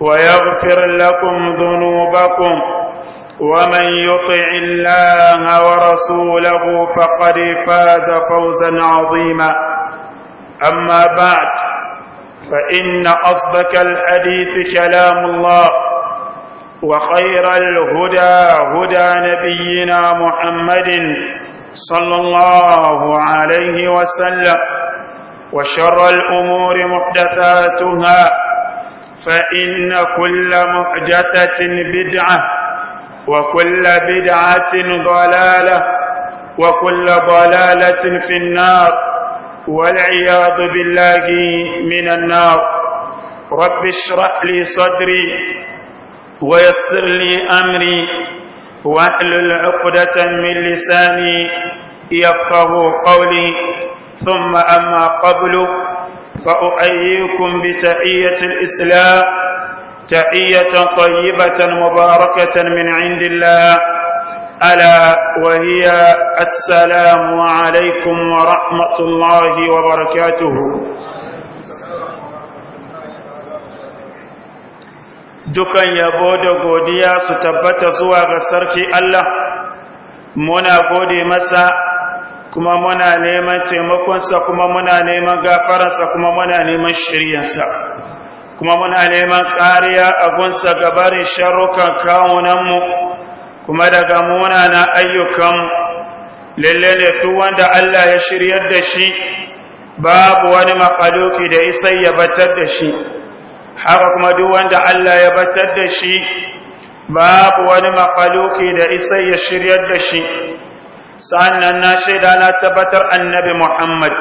ويغفر لكم ذنوبكم ومن يطع الله ورسوله فقد فاز فوزا عظيما أما بعد فإن أصدق الحديث كلام الله وخير الهدى هدى نبينا محمد صلى الله عليه وسلم وشر الأمور محدثاتها فإن كل مؤجتة بدعة وكل بدعة ضلالة وكل ضلالة في النار والعياذ بالله من النار رب اشرح لي صدري ويسر لي أمري وأهل عقدة من لساني يفقه قولي ثم أما قبل فأحييكم بتحية الإسلام تحية طيبة مباركة من عند الله ألا وهي السلام عليكم ورحمة الله وبركاته dukan yabo da godiya su tabbata zuwa ga sarki Allah muna gode masa kuma muna neman taimakonsa kuma muna neman gafararsa kuma muna neman shiryansa kuma muna neman kariya a gunsa gabarin sharrukan kawunanmu kuma daga munana ayyukanmu lalle ne duk wanda Allah ya shiryar da shi babu wani makaluki da isa ya batar da shi haka kuma duk wanda Allah ya batar da shi babu wani makaluki da isa ya shiryar da shi Sannan na shaida na tabbatar annabi Muhammad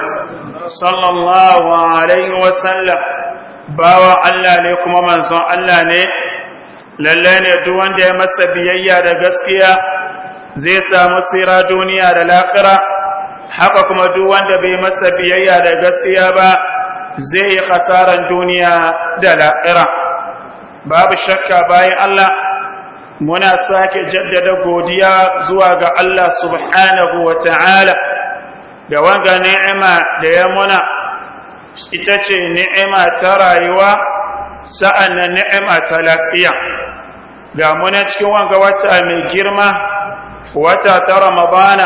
sallallahu alaihi wa bawa Allah ne kuma manzon Allah ne lalle ne duk wanda ya masa biyayya da gaskiya zai samu sira duniya da lakira haka kuma duk wanda bai masa biyayya da gaskiya ba zai yi kasaran duniya da lafira babu shakka bayan Allah muna sake jaddada godiya zuwa ga Allah subhanahu wa ta'ala da wanga ni'ima da ya muna ita ce ni'ima ta rayuwa sa'an na ni'ima ta lafiya ga muna cikin wanga wata mai girma wata ta ramabana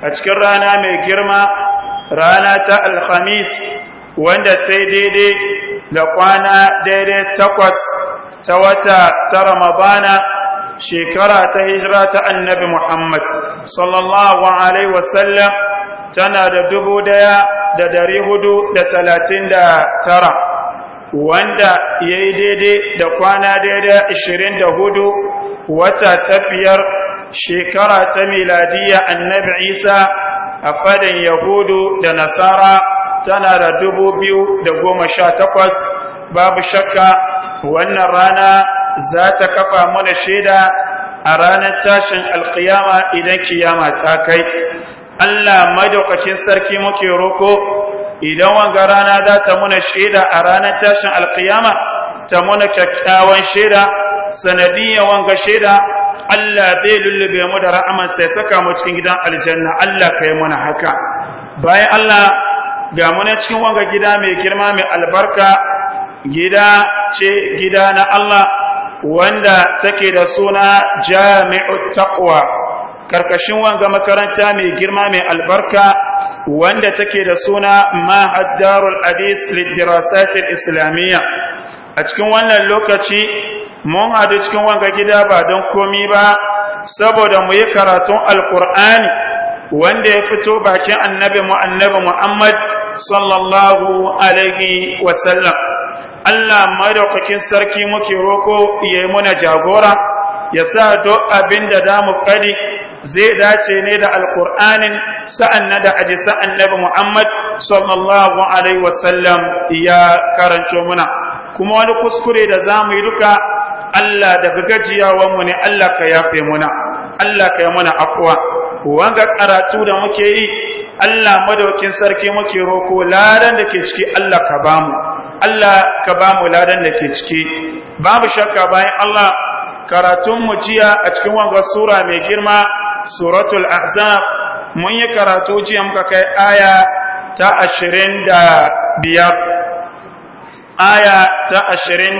a cikin rana mai girma rana ta alhamis wanda ta daidai da kwana daidai takwas ta wata ta ramabana shekara ta hijira ta annabi muhammad sallallahu alaihi wasallam tana da dubu daya da dari hudu da talatin da tara wanda ya yi daidai da kwana daidai ashirin da hudu wata tafiyar shekara ta miladiya annabi isa a fadin yahudu da nasara tana da dubu biyu da goma sha takwas babu shakka wannan rana za ta kafa mana shaida a ranar tashin alkiyama idan kiyama ta kai Allah madaukakin sarki muke roko idan wanga rana za ta muna shaida a ranar tashin alkiyama ta muna kyakkyawan shaida sanadiyya wanga shaida Allah bai lullube mu da ra'aman sai saka mu cikin gidan aljanna Allah ka kai muna haka bayan Allah ga muna cikin wanga gida mai girma mai albarka gida ce gida na Allah wanda take da suna jami'ut taqwa karkashin wanga makaranta mai girma mai albarka wanda take da suna mahaddarul hadis lidirasatil islamiyya a cikin wannan lokaci mun hadu cikin wanga gida ba don komi ba saboda mu yi karatun alkur'ani wanda ya fito bakin annabi mu annabi muhammad sallallahu alaihi wasallam Allah madaukakin sarki muke roko ya yi muna jagora ya sa duk abin da za mu faɗi zai dace ne da alkur'anin sa'an na da sa’an annabi Muhammad sallallahu alaihi wasallam ya karanto muna kuma wani kuskure da za mu yi duka Allah daga gajiyawanmu ne Allah ka yafe muna Allah ka yi muna afuwa wanga karatu da muke yi Allah madaukin sarki muke roko ladan da ke ciki Allah ka bamu Allah ka ba mu ladan da ke ciki babu shakka bayan Allah karatun mu jiya a cikin wangar sura mai girma suratul ahzab mun yi karatu jiya muka kai aya ta ashirin aya ta ashirin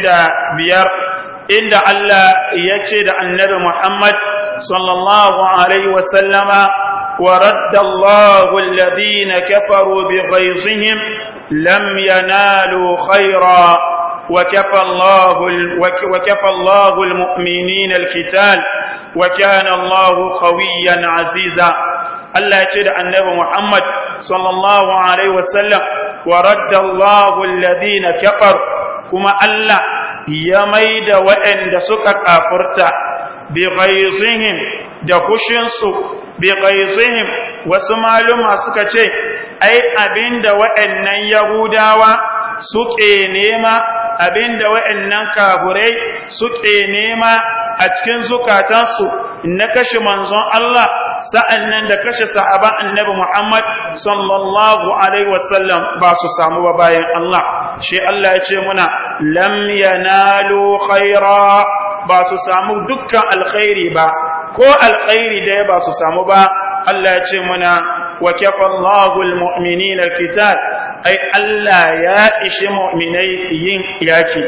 inda Allah ya ce da annabi Muhammad sallallahu alaihi wasallama wa radda Allahu alladhina kafaru bi ghayzihim لم ينالوا خيرا وكفى الله وكفى الله المؤمنين القتال وكان الله قويا عزيزا الله يجد النبي محمد صلى الله عليه وسلم ورد الله الذين كفروا كما الله ya mai da waɗanda suka kafurta bi ghaizihim da wasu maluma suka ce ai abinda waɗannan yahudawa suke nema abinda waɗannan kaburai suke nema a cikin zukatansu na kashe manzon Allah sa'annan da kashe sa'aba annabi Muhammad sallallahu alaihi wasallam ba su samu ba bayan Allah shi Allah ya ce muna lam yanalu khaira ba su samu dukkan alkhairi ba ko alkhairi da ba su samu ba Allah ya ce muna wa kafa Allahu almu'minina qital ai Allah ya ishe mu'minai yin yaki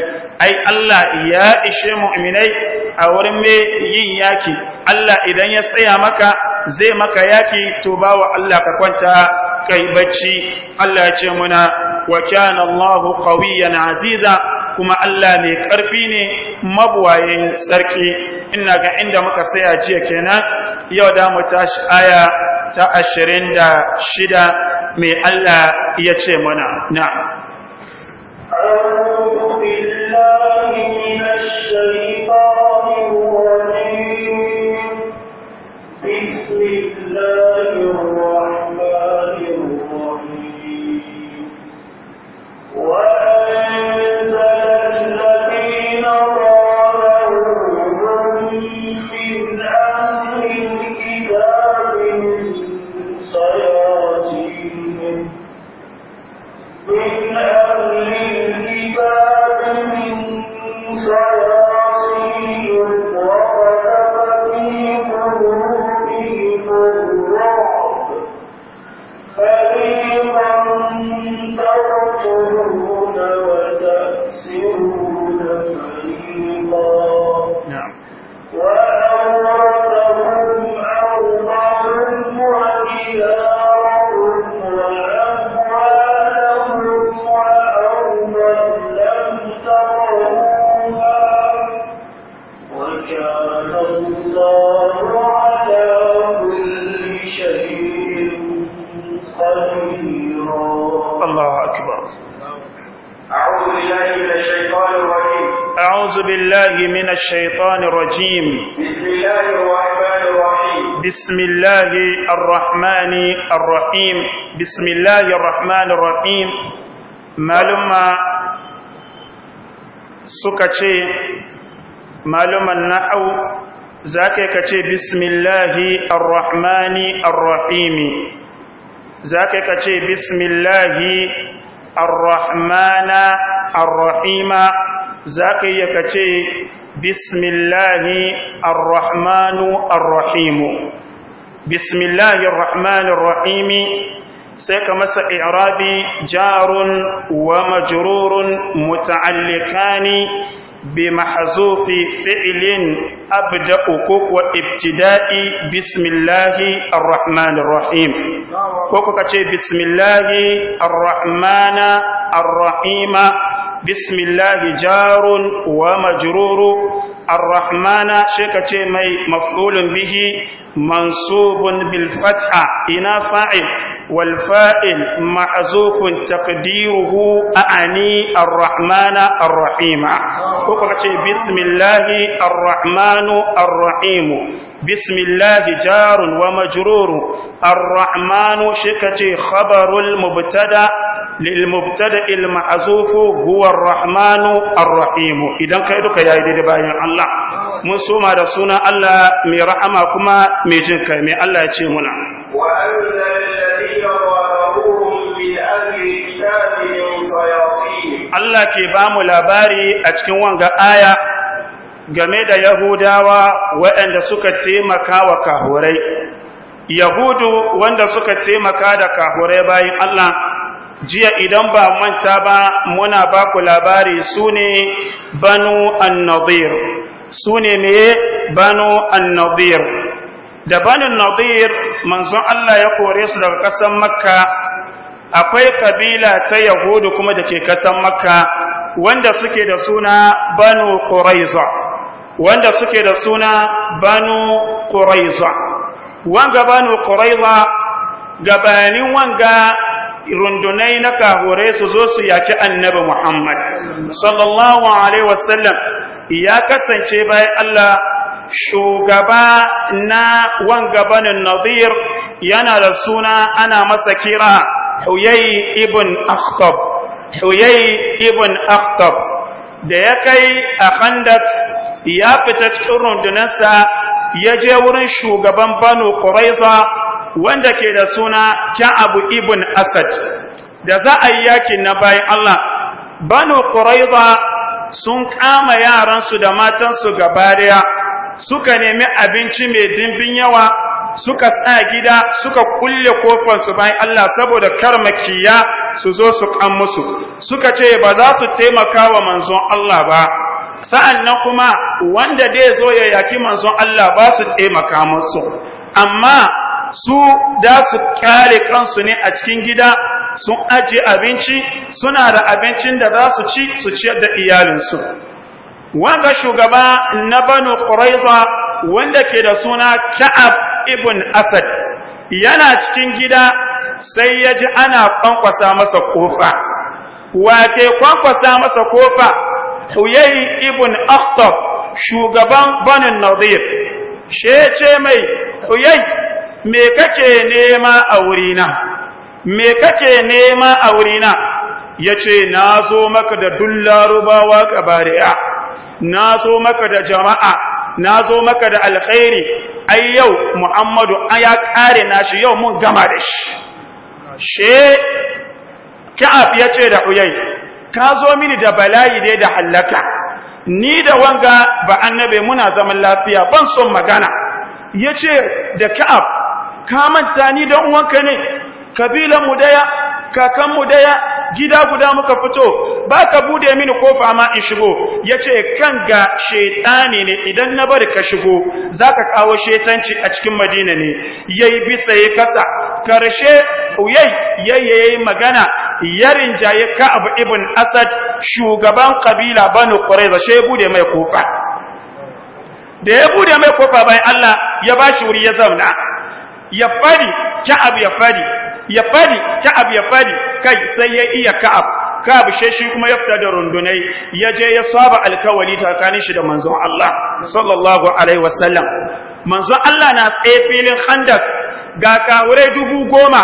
ai Allah ya ishe mu'minai a wurin me yin yaki Allah idan ya tsaya maka zai maka yaki to bawa Allah ka kwanta kai bacci Allah ya ce muna wa kana Allahu qawiyyan aziza kuma Allah ne karfi ne mabuwaye sarki ina ga inda muka saya jiya kenan yau da mu tashi aya ta 26 mai Allah ya ce muna na? بسم الله الرحمن وأنزل بسم الله الرحمن الرحيم بسم الله الرحمن الرحيم maluma suka maluman na'au za ka ka ce bismillahi arrahmani arrahimi za ka ka ce bismillahi arrahmana arrahima za ka yi ka ce bismillahi بسم الله الرحمن الرحيم سيك سيكمس إعرابي جار ومجرور متعلقان بمحزوف فعل أبدأ كوك وابتداء بسم الله الرحمن الرحيم كوكو بسم الله الرحمن الرحيم بسم الله جار ومجرور ar shi ka ce mai maf'ulun bihi mansubun bil fatha ina fa'il والفائل معزوف تقديره أعني الرحمن الرحيم اقرأ بسم الله الرحمن الرحيم بسم الله جار ومجرور الرحمن شكتي خبر المبتدا للمبتدا المعزوف هو الرحمن الرحيم إذا كيدك يا إيدي باين الله mun soma da sunan Allah mai rahama kuma mai jinkai mai Allah ya ce muna Allah ke ba mu labari a cikin wanga aya game da Yahudawa waɗanda suka taimaka wa kahurai. Yahudu wanda suka taimaka da kahurai bayan Allah, jiya idan ba manta ba muna ba ku labari su ne banu annabir, su ne me banu annabir. Da banin annabir manzon Allah ya kore su daga ƙasar Makka akwai kabila ta yahudu kuma da ke kasan makka wanda suke da suna banu ƙuraiza wanda suke da suna banu ƙuraiza wanga banu ƙuraiza gabanin wanga rundunai na kahore su zo su yaki annabi muhammad sallallahu alaihi wasallam ya kasance bayan allah shugaba na wanga banin nadir yana da suna ana masa kira huyai ibn akhtab huyai ibn akhtab da ya kai a Khandaq ya fita cikin rundunarsa ya je wurin shugaban banu quraiza wanda ke da suna ka'ab ibn asad da za a yi na bayan Allah banu quraiza sun kama yaransu da matansu gaba daya suka nemi abinci mai dimbin yawa suka tsaya gida suka kulle su bayan Allah saboda kar makiya su zo su kan musu suka ce ba za su taimaka wa manzon Allah ba Sa'annan kuma wanda dai zo ya yaki manzon Allah ba su taimaka musu amma su da su kyale kansu ne a cikin gida sun aje abinci suna da abincin da za su ci su ciyar da iyalinsu wanga shugaba na banu quraiza wanda ke da suna ka'ab ibn asad yana cikin gida sai ya ji ana kwankwasa masa kofa wake kwankwasa masa kofa huyai ibn akhtab shugaban banu nadir ce mai huyai me kake nema a wurina me kake nema a wurina yace na zo maka da dullarubawa kabari'a na zo maka da jama'a na zo maka da alkhairi ai yau muhammadu an ya kare shi yau mun gama da shi she ka'ab ya ce da uyai ka zo mini da bala'i dai da hallaka ni da wanga ba annabe muna zaman lafiya ban son magana ya ce da ka'ab ka manta ni da uwanka ne kabilan mu daya kakan mu daya gida guda muka fito ba ka bude mini kofa ma in shigo ya ce kan ga shaitani ne idan na bari ka shigo za ka kawo shaitanci a cikin madina ne ya yi bisa ya kasa karshe uyai ya yi magana ya rinjaye ka abu ibn asad shugaban kabila banu ƙwarai shi bude mai kofa da ya bude mai kofa bayan allah ya bashi wuri ya zauna ya fari ka abu ya fari ya fadi ka'ab ya fadi kai sai ya iya ka'ab ka'ab shi shi kuma ya fita da rundunai ya je ya saba alkawali tsakanin shi da manzon Allah sallallahu alaihi wasallam manzon Allah na tsaye filin khandak ga kawure dubu goma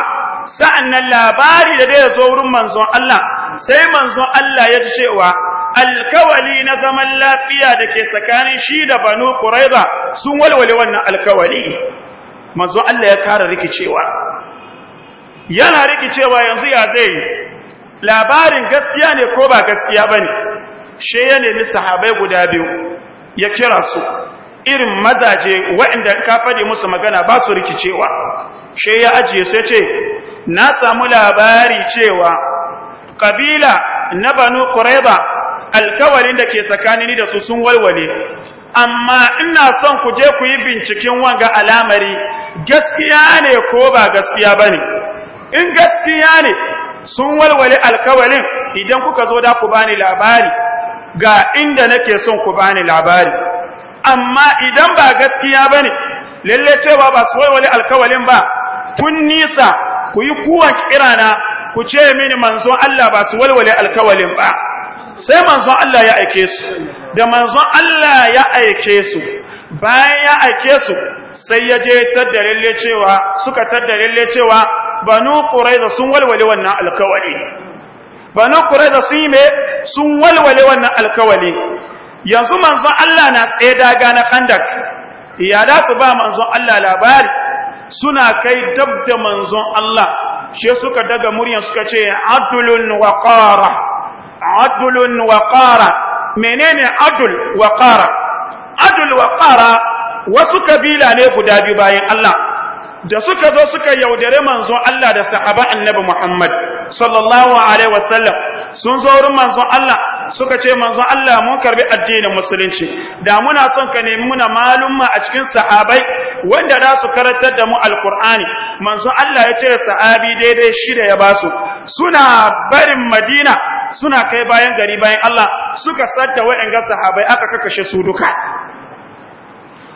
sa'annan labari da da ya zo wurin manzon Allah sai manzon Allah ya ji cewa alkawali na zaman lafiya da ke tsakanin shi da banu ƙuraiza sun walwale wannan alkawali Manzon Allah ya kara rikicewa yana rikicewa yanzu ya zai labarin gaskiya ne ko ba gaskiya ba ne shi ya nemi sahabai guda biyu ya kira su irin mazaje waɗanda ka faɗi musu magana ba su rikicewa shi ya ajiye sai ce na samu labari cewa kabila na banu ƙuraiba alkawalin da ke tsakanini da su sun walwale amma ina son ku je ku yi binciken wanga alamari gaskiya ne ko ba gaskiya ba ne in gaskiya ne sun walwale alkawalin idan kuka zo da ku bani labari ga inda nake son ku bani labari amma idan ba gaskiya bane lalle cewa ba su walwale alkawalin ba kun nisa ku yi kuwan kirana ku ce mini manzon Allah ba su walwale alkawalin ba sai manzon Allah ya aike su da manzon Allah ya aike su bayan ya aike su sai ya je lalle cewa suka lalle cewa banu quraiza sun walwale wannan alkawali banu sun yi me sun walwale wannan alkawali yanzu manzon Allah na tsaye daga na kandak ya da su ba manzon Allah labari suna kai dab da manzon Allah she suka daga muryan suka ce adulun waqara adulun qara menene adul wa qara adul wa qara wasu kabila ne guda biyu bayan Allah da suka zo suka yaudare manzo Allah da sahaba annabi Muhammad sallallahu alaihi wasallam sun zo wurin manzo Allah suka ce manzo Allah mun karbi addinin musulunci da muna son ka nemi muna malumma a cikin sahabai wanda da su karantar da mu alqur'ani manzo Allah ya ce sahabi daidai shida ya basu suna barin Madina suna kai bayan gari bayan Allah suka sarta waɗannan sahabai aka kakkashe su duka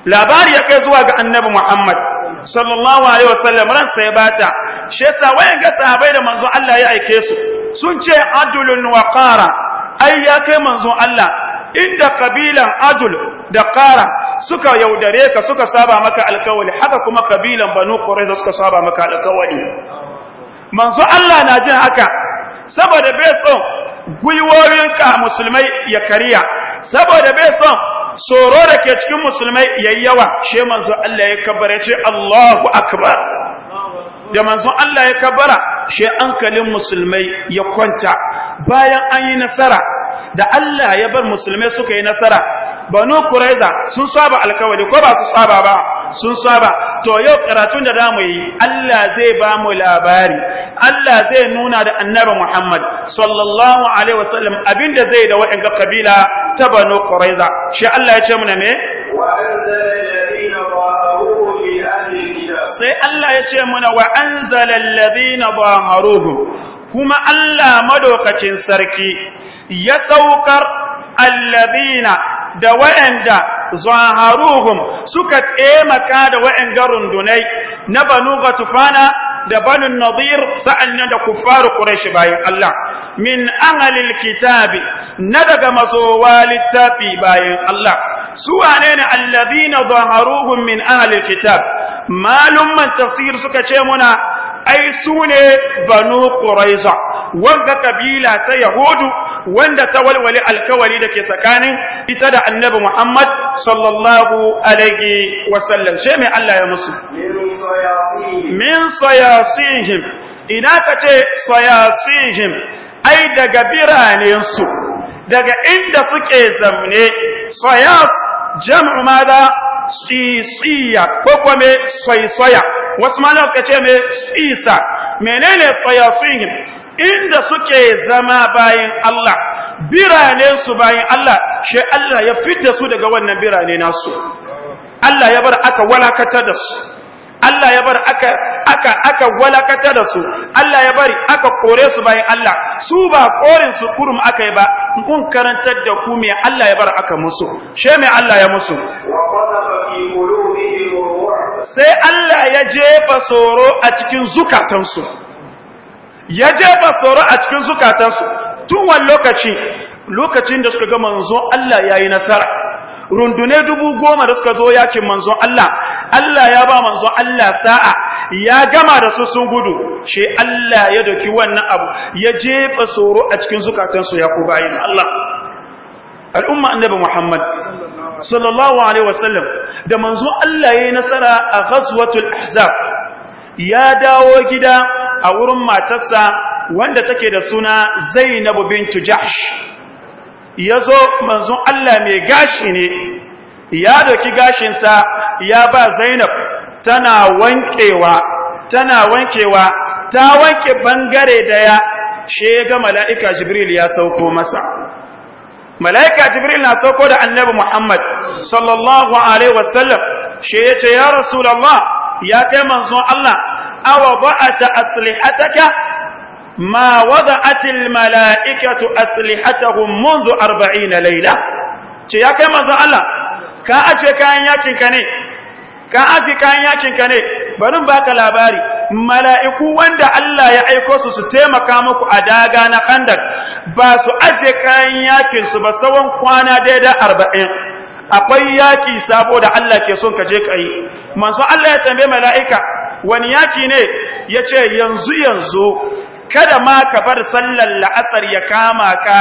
labari ya kai zuwa ga annabi Muhammad sallallahu alaihi wasallam ransa ya bata shi yasa wayan ga sahabbai da manzon Allah ya aike su sun ce adulun wa qara ai ya kai manzon Allah inda kabilan adul da qara suka yaudare ka suka saba maka alkawali haka kuma kabilan banu qurayza suka saba maka alkawali manzon Allah na jin haka saboda bai son gwiwoyin ka musulmai ya kariya saboda bai son tsoro da ke cikin musulmai yayyawa she manzo Allah ya kabbara ce Allahu akbar da manzo Allah ya kabbara she ankalin musulmai ya kwanta bayan an yi nasara da Allah ya bar musulmai suka yi nasara banu kuraiza sun saba alkawari ko ba su saba ba sun saba to yau karatun da zamu yi Allah zai ba mu labari Allah zai nuna da annabi Muhammad sallallahu alaihi wasallam abinda zai da wa'anga kabila ta banu kuraiza shi Allah ya ce mu ne sai Allah ya ce muna wa anzala ladina zaharuhum kuma Allah madaukakin sarki ya saukar alladina da wayanda zaharuhum suka taimaka da waɗanda rundunai na banu tufana da banu nadir sa'annan da kuffaru ƙurashi, bayan Allah min ahlil kitabi na daga masowa littafi bayan Allah su wane ne na zaharuhum min ahlil kitab malumman tafsir suka ce muna ai su ne banu ƙuraiza wanda kabila ta yahudu wanda ta walwale alkawari da ke tsakanin ita da annabi muhammad sallallahu alaihi wasallam she mai allah ya musu min sayasihim ina ka ce sayasihim ai daga biranensu daga inda suke zamne sayas jam'u madha sisiya ko kuma me soysoya wasu mana suka ce me sisa menene soyasin inda suke zama bayan Allah birane su bayan Allah shi Allah ya fitta su daga wannan birane nasu Allah ya bar aka walakatar da su Allah ya bar aka aka aka walakata da su Allah ya bari aka kore su bayan Allah su ba korin su kurum aka yi ba kun karantar da ku me Allah ya bar aka musu she me Allah ya musu sai Allah ya jefa tsoro a cikin zukatansu ya jefa tsoro a cikin zukatansu tun wani lokaci lokacin da suka ga manzon Allah yayi nasara rundune dubu goma da suka zo yakin manzon Allah Allah ya ba manzo Allah sa'a ya gama da su sun gudu she Allah ya doki wannan abu ya jefa tsoro a cikin zukatansu ya ku bayin Allah al'umma annabi Muhammad sallallahu alaihi wasallam da manzo Allah ya yi nasara a ghazwatul ahzab ya dawo gida a wurin matarsa wanda take da suna Zainab bint Jahsh yazo manzo Allah mai gashi ne ya dauki gashinsa ya ba zainab tana wankewa tana wankewa ta wanke bangare daya she ya ga mala'ika jibril ya sauko masa mala'ika jibril na sauko da annabi muhammad sallallahu alaihi wasallam she ya ce ya rasulallah ya kai manzon allah awa ba'ata aslihataka ما وضعت الملائكة أسلحتهم منذ ce ya kai manzon Allah? ka aje kayan yakin ka ne ka aje kayan yakin ka ne barin baka labari mala'iku wanda Allah ya aiko su su taimaka muku a daga na khandak ba su aje kayan yakin su ba tsawon kwana daidai arba'in akwai yaki sabo da Allah ke son ka je ka yi manzo Allah ya tambaye mala'ika wani yaki ne yace yanzu yanzu kada ma ka bar sallar la'asar ya kama ka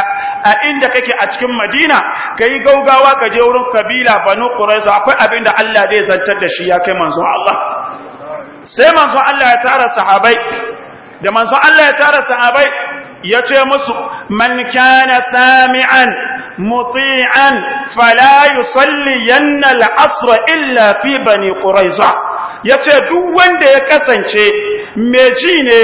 a inda kake a cikin madina ka yi gaugawa ka je wurin kabila banu ƙuraiza akwai abin da allah zai zantar da shi ya kai manzon allah sai manzon allah ya tara sahabai da manzon allah ya tara sahabai ya ce musu man kana sami'an muti'an fala yusalli yanna al'asra illa fi bani quraiza ya ce duk wanda ya kasance mai ji ne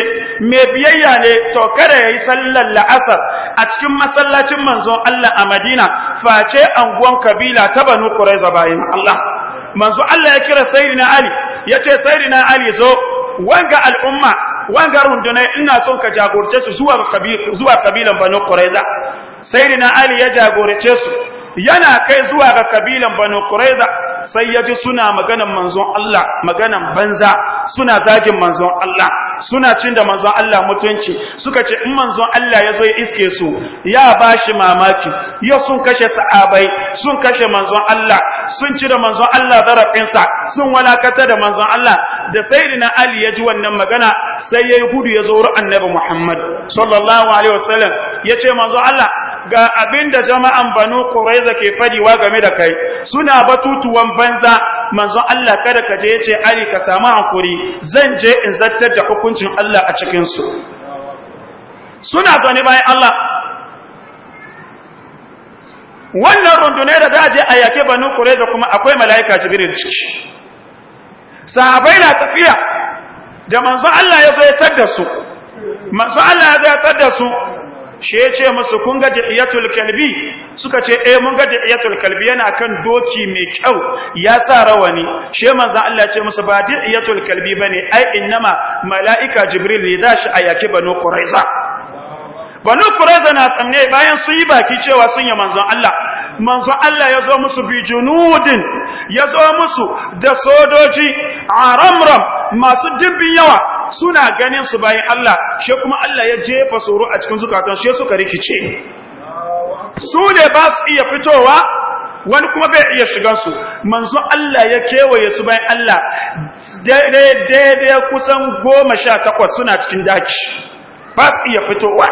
mai biyayya ne to kada ya yi sallar la'asar a cikin masallacin manzon Allah a madina face anguwan kabila ta banu kuraiza bayan Allah manzo Allah ya kira sayyidina Ali ya ce sayyidina Ali zo wanga al'umma wanga rundunai, ina son ka jagorce su zuwa kabilan banu kuraiza sayyidina Ali ya jagorace su yana kai zuwa ga kabilan banu quraiza sai yaji suna maganan manzon Allah maganan banza suna zagin manzon Allah suna cin da manzon Allah mutunci suka ce in manzon Allah ya zo ya iske su ya bashi mamaki ya sun kashe sa'abai, sun kashe manzon Allah sun ci da manzon Allah zarafinsa sun walakata da manzon Allah da sayyidina Ali ya ji wannan magana sai yayi gudu ya zo ru'an annabi Muhammad sallallahu alaihi wasallam yace manzon Allah ga abin da jama'an banu ƙuraiza ke fadiwa game da kai suna batutuwan banza manzon Allah kada ka je ce ali ka samu hankuri zan je in zartar da hukuncin Allah a cikinsu suna zane bayan Allah wannan rundune da za a je a yake banu ƙuraiza kuma akwai mala'ika jibril ciki sahabai na tafiya da manzon Allah ya zartar da Allah ya da su shi ya ce masu kun ga ja'iyatul kalbi suka ce eh mun gaji iyatul kalbi yana kan doki mai kyau ya sa rawani shi manzan Allah ya ce musu ba iyatul kalbi ba ne ai innama mala'ika jibril ne da shi a yaki banu quraiza banu kuraiza na tsamne bayan su yi baki cewa sun yi manzan Allah Manzan Allah ya zo musu bi junudin ya zo musu da sodoji ramram masu dimbin yawa suna ganin su bayan Allah shi kuma Allah ya jefa tsoro a cikin zukatan shi suka rikice su ne ba su iya fitowa wani kuma bai iya shigansu, su manzo Allah ya kewaye su bayan Allah daidai kusan goma sha takwas suna cikin daki ba su iya fitowa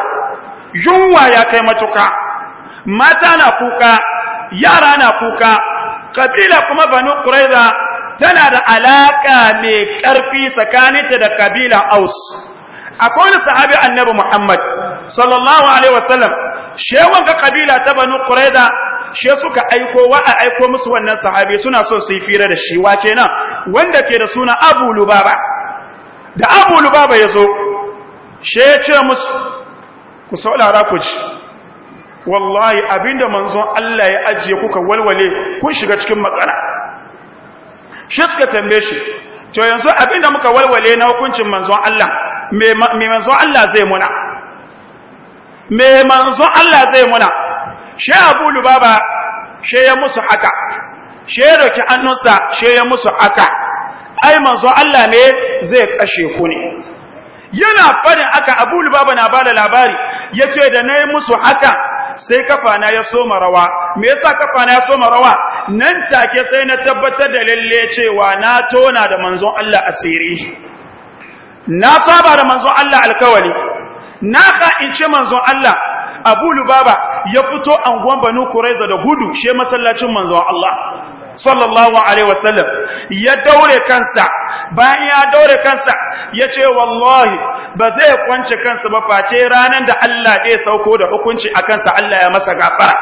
yunwa ya kai matuka mata na kuka yara na kuka kabila kuma banu kuraiza tana da alaka mai ƙarfi tsakaninta da kabila aus akwai wani sahabi annabi muhammad sallallahu alaihi wasallam shewan ga kabila ta banu qurayza she suka aiko wa a aiko musu wannan sahabi suna so su yi fira da shi wa nan? wanda ke da suna abu lubaba da abu lubaba yazo she ya ce musu ku saurara ku ji wallahi abinda manzon Allah ya ajiye kuka walwale kun shiga cikin matsala shi suka tambaye shi to yanzu abinda muka walwale na hukuncin manzon Allah me manzon Allah zai muna me manzon Allah zai muna shi Abu Lubaba shi ya musu haka ya roki annunsa shi ya musu haka ai manzon Allah ne zai kashe ku ne yana farin aka Abu Lubaba na bada labari yace da nayi musu haka sai kafana ya soma rawa me yasa kafana ya soma rawa nan take sai na tabbatar da lalle cewa na tona da manzon Allah asiri na saba da manzon Allah alkawali na ka'ince manzon Allah Abu Lubaba ya fito anguwan Banu Quraiza da gudu she masallacin manzon Allah sallallahu alaihi wasallam ya daure kansa bayan ya daure kansa ya ce wallahi ba zai kwance kansa ba face ranar da Allah zai sauko da hukunci a kansa Allah ya masa gafara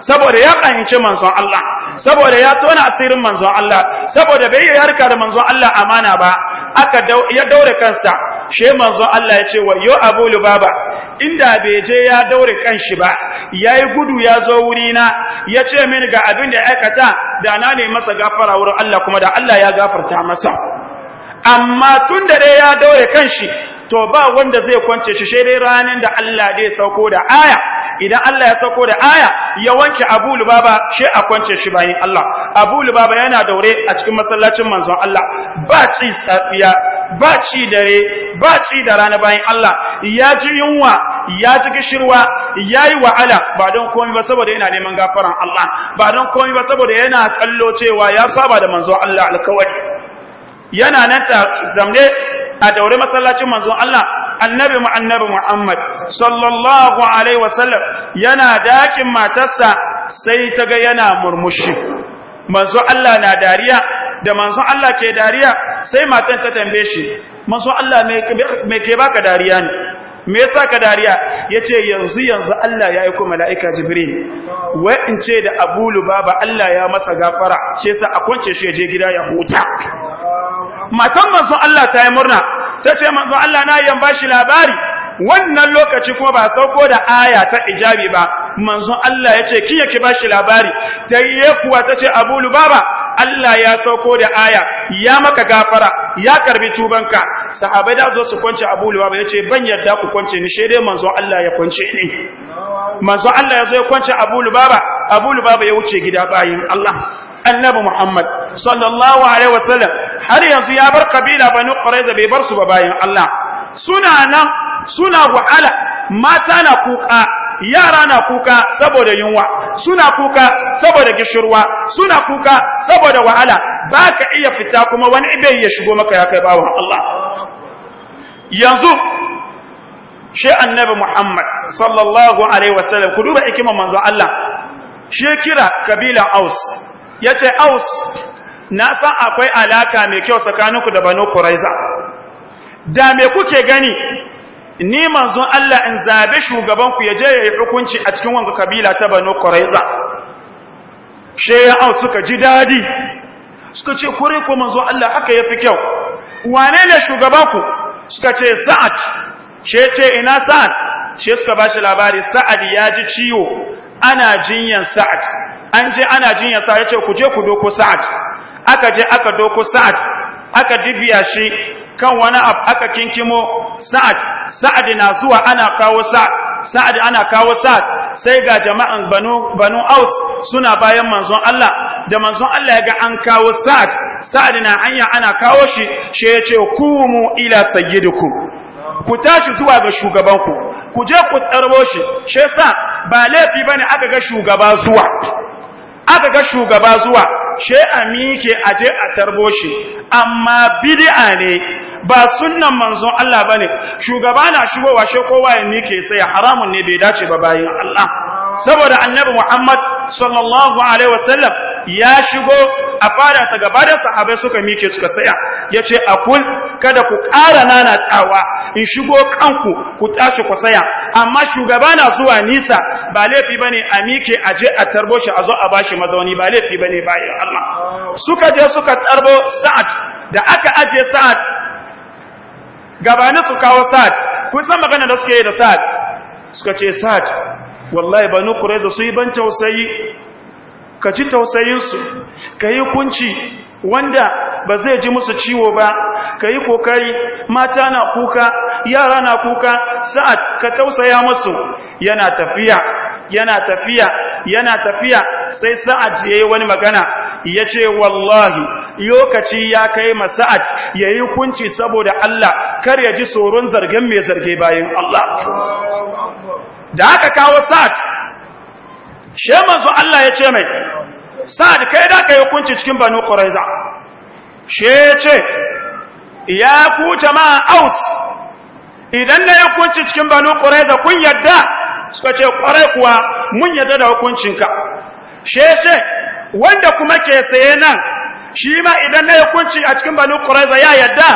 saboda ya fahimci manzon Allah saboda ya tona asirin manzon Allah saboda bai yi harka da manzon Allah amana ba aka ya daure kansa she manzon Allah ya ce wayo Abu Lubaba inda bai je ya daure kanshi ba yayi gudu ya zo wuri na ya ce mini ga abin da aikata da na ne masa gafara wurin Allah kuma da Allah ya gafarta masa amma tun da dai ya daure kanshi to ba wanda zai kwance shi shi dai ranar da Allah dai sauko da aya idan Allah ya sauko da aya ya wanke Abu Lubaba shi a kwance shi bayin Allah Abu Lubaba yana daure a cikin masallacin manzon Allah ba ci safiya ba ci dare ba ci da rana bayin Allah ya ji yunwa ya ji kishirwa yayi yi wa'ala ba don komai ba saboda yana neman gafaran Allah ba don komai ba saboda yana kallo cewa ya saba da manzon Allah alkawari yana nan ta zamne a daure masallacin manzon Allah annabi mu annabi Muhammad sallallahu alaihi wasallam yana dakin matarsa sai ta ga yana murmushi manzon Allah na dariya da manzon Allah ke dariya sai matan ta tambaye shi manzon Allah me ke baka dariya ne me yasa ka dariya yace yanzu yanzu Allah ya aika malaika jibril wai in ce da abulu baba Allah ya masa gafara shi yasa a kwance shi ya je gida ya huta matan manzo Allah ta yi murna ta ce manzo Allah na yi bashi labari wannan lokaci kuma ba sauko da aya ta ijabi ba manzo Allah ya ce kin ki bashi labari ta yi kuwa ta ce Abu Lubaba Allah ya sauko da aya ya maka gafara ya karbi tubanka sahabbai da zo su kwance Abu Lubaba ya ce ban yarda ku kwance ni dai manzo Allah ya kwance ni manzo Allah ya zo ya kwance Abu Lubaba Abu Lubaba ya wuce gida bayin Allah annabi Muhammad sallallahu alaihi wasallam har yanzu ya bar kabila banu Quraiza bai bar su ba bayan Allah suna nan suna wa'ala mata na kuka yara na kuka saboda yunwa suna kuka saboda gishirwa suna kuka saboda wahala ba ka iya fita kuma wani bai ya shigo maka ya kai bawan Allah yanzu shi annabi Muhammad sallallahu alaihi wasallam ku duba ikiman manzon Allah shi kira kabila Aus ya ce aus na san akwai alaka mai kyau tsakaninku da banu kuraiza da me kuke gani ni manzon Allah in zabe shugabanku ya je ya yi hukunci a cikin wanga kabila ta banu kuraiza she ya aus suka ji dadi suka ce kure ko manzon Allah haka yafi kyau wane ne shugabanku suka ce sa'ad she ce ina sa'ad she suka bashi labari sa'ad ya ji ciwo ana jinyan sa'ad an je ana jin yasa ya ce ku je ku doko sa'ad aka je aka doko sa'ad aka dibiya shi kan wani abu aka kinkimo sa'ad sa'ad na zuwa ana kawo sa'ad sa'ad ana kawo sa'ad sai ga jama'an banu banu aus suna bayan manzon Allah da manzon Allah ya ga an kawo sa'ad sa'ad na hanya ana kawo shi shi ya ce kumu ila sayyidukum ku tashi zuwa ga shugabanku ku je ku tsarwo shi shi yasa ba laifi bane aka ga shugaba zuwa aka ga shugaba zuwa she a mike a je a tarbo shi amma bid'a ne ba sunnan manzon Allah bane shugaba na shigo she kowa ya mike sai haramun ne bai dace ba bayin Allah saboda annabi Muhammad sallallahu alaihi wasallam ya shigo a fadarsa gaba da sahabai suka mike suka tsaya yace ce akul kada ku ƙara nana tsawa, in shigo kanku ku tace ku saya amma shugaba na zuwa nisa ba laifi bane a mike a je a tarbo shi a zo a bashi mazauni ba laifi bane bayan Allah suka je suka tarbo sa'ad da aka aje sa'ad gabanin su kawo sa'ad kun san magana da suke yi da sa'ad suka ce sa'ad wallahi banu kureza su yi ban tausayi ka ji tausayinsu ka yi kunci wanda ba zai ji musu ciwo ba ka yi kokari mata na kuka yara na kuka sa'ad ka tausaya musu yana tafiya yana tafiya yana tafiya sai sa'ad ya yi wani magana ya ce wallahi lokaci ya kai masa'ad ya yi kunci saboda Allah kar ya ji tsoron zargen mai zarge bayan Allah da aka kawo sa'ad shemansu Allah ya ce mai sa'ad kai da ka yi hukunci cikin banu ƙuraiza she ce ya ku jama'a aus idan na yi hukunci cikin banu ƙuraiza kun yadda suka ce ƙwarai kuwa mun yadda da hukuncinka she ce wanda kuma ke saye nan shi ma idan na yi hukunci a cikin banu ƙuraiza ya yadda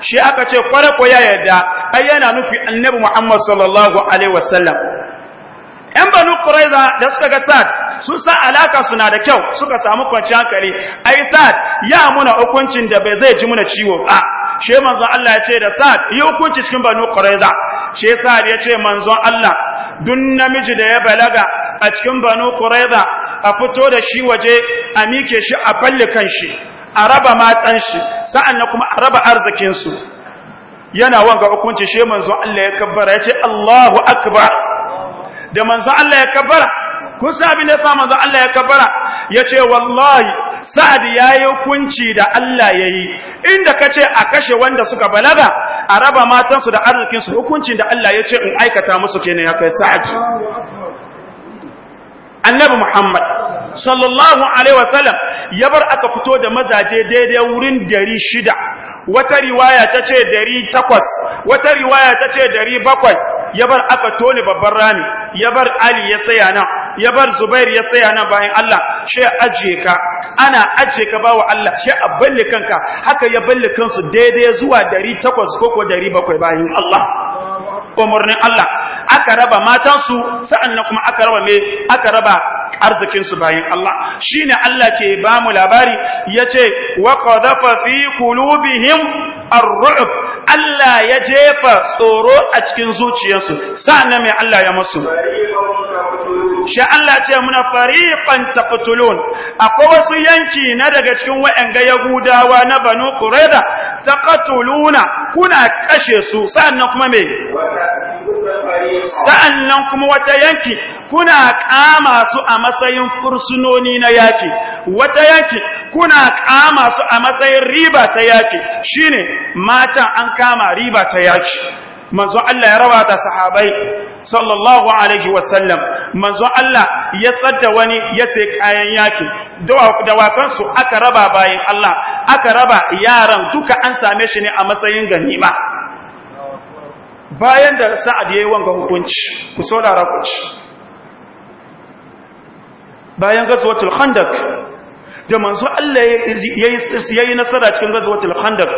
shi aka ce ƙwarai kuwa ya yadda ai yana nufi annabi muhammad sallallahu alaihi wasallam ‘yan banu ƙuraiza da suka ga sa'ad sun san alaka suna da kyau suka samu kwanciyar hankali ai sa'ad ya muna hukuncin da bai zai ji muna ciwo ba she manzon Allah ya ce da sa'ad yi hukunci cikin banu quraiza she sa'ad ya ce manzon Allah duk namiji da ya balaga a cikin banu quraiza a fito da shi waje a mike shi a balle shi, a raba matsan shi sa'an na kuma a raba arzikinsu yana wanga hukunci she manzon Allah ya kabbara ya ce Allahu akbar da manzon Allah ya kabbara kun sa abin da ya sa manzo Allah ya kabara ya ce wallahi sa'ad ya yi hukunci da Allah ya yi inda ka ce a kashe wanda suka balaga a raba matansu da arzikinsu hukuncin da Allah ya ce in aikata musu kenan ya kai sa'ad annabi muhammad sallallahu alaihi wasallam ya bar aka fito da mazaje daidai wurin dari shida wata riwaya ta ce dari takwas wata riwaya ta ce dari bakwai ya bar aka tone babban rami ya bar ali ya saya nan ya bar zubair ya tsaya nan bayan Allah shi ajiye ka ana ajiye ka bawa Allah shi a balle kanka haka ya balle kansu daidai zuwa 800 ko ko 700 bayan Allah umurnin Allah aka raba matansu sa'annan kuma aka raba me aka raba arzikinsu bayan Allah shine Allah ke ba mu labari yace wa qadafa fi qulubihim ar-ru'b Allah ya jefa tsoro a cikin zuciyarsu nan mai Allah ya masu shi Allah ce muna fariqan taqtulun akwai wasu yanki na daga cikin wa'anga yahudawa na banu qurayda taqtuluna kuna kashe su sa'annan kuma me sa'annan kuma wata yanki kuna kama su a matsayin fursunoni na yaki wata yanki kuna kama su a matsayin riba ta yaki shine matan an kama riba ta yaki manzo Allah ya raba ta sahabbai sallallahu alaihi wasallam manzo Allah ya tsada wani ya sai kayan yaki dawakan su aka raba bayan Allah aka raba yaran duka an same shi ne a matsayin ganima bayan da sa'ad yayi wanga hukunci ku saurara ku ci bayan gazwatul khandak da manzo Allah ya yi nasara cikin wata khandaq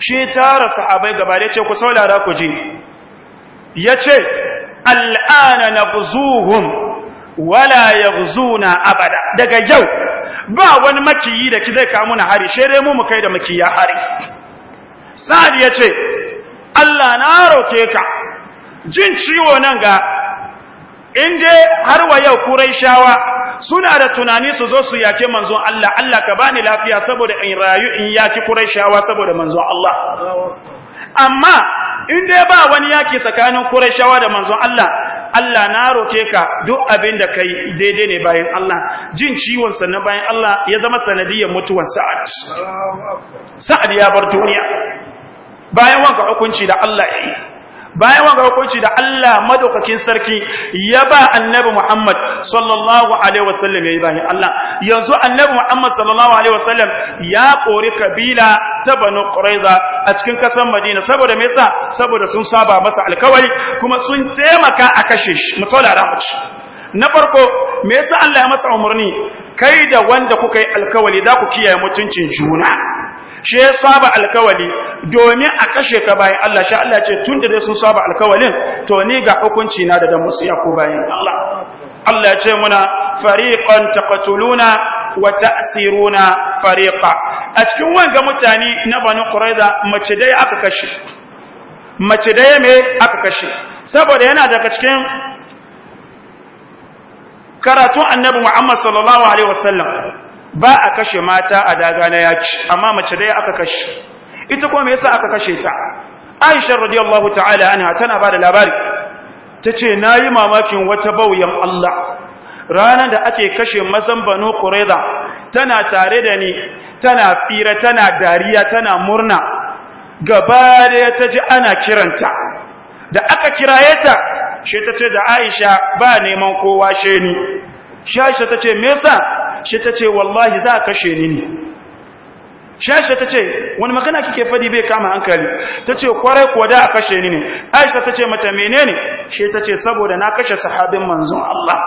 shi tara sa'abai gaba da ce ku saulara ku ji yace al'ana guzuhun wala ya na abada daga yau ba wani makiyi da ki zai kamu na hari shere mu mu kai da makiya hari sa'ad ce Allah na roke ka jin ciwo nan ga in dai har wa yau shawa suna da tunani su zo su yake manzon Allah Allah ka bani lafiya saboda in rayu in yaki shawa saboda manzon Allah amma in dai ba wani yaki tsakanin shawa da manzon Allah Allah na roke ka duk abin da kai daidai ne bayan Allah jin ciwon sa na bayan Allah ya zama sanadiyar mutuwar Sa'ad Sa'ad ya bar duniya bayan wanka hukunci da Allah ya yi bayan wanga hukunci da Allah madaukakin sarki ya ba annabi Muhammad sallallahu alaihi wasallam yayi bayan Allah yanzu annabi Muhammad sallallahu alaihi wasallam ya kori kabila ta Banu Quraiza a cikin kasar Madina saboda me yasa saboda sun saba masa alkawari kuma sun taimaka a kashe shi musalla da na farko me yasa Allah ya masa umarni kai da wanda kuka yi alkawari za ku kiyaye mutuncin juna shi ya saba alkawali domin a kashe ka bayan Allah shi Allah ce tun da dai sun saba alkawalin to ni ga hukunci na da dan musu ya ko bayan Allah Allah ya ce muna fariqan taqtuluna wa ta'siruna fariqa a cikin wanga mutane na Bani Quraiza mace dai aka kashe mace dai me aka kashe saboda yana daga cikin karatun annabi Muhammad sallallahu alaihi wasallam ba a kashe mata a daga na yaki amma mace dai aka kashe ita kuma me yasa aka kashe ta Aisha radiyallahu ta'ala anha tana bada labari tace nayi mamakin wata bauyan Allah ranar da ake kashe mazan Banu Qurayza tana tare da ni tana tsira tana dariya tana murna gaba da ta ji ana kiranta da aka kiraye ta she tace da Aisha ba neman kowa she ni shasha ta ce mesa shi ta ce wallahi za a kashe ni ne shasha ta ce wani magana kike fadi bai kama hankali ta ce kwarai kuwa da a kashe ni ne aisha ta ce mata menene shi ta ce saboda na kashe sahabin manzon Allah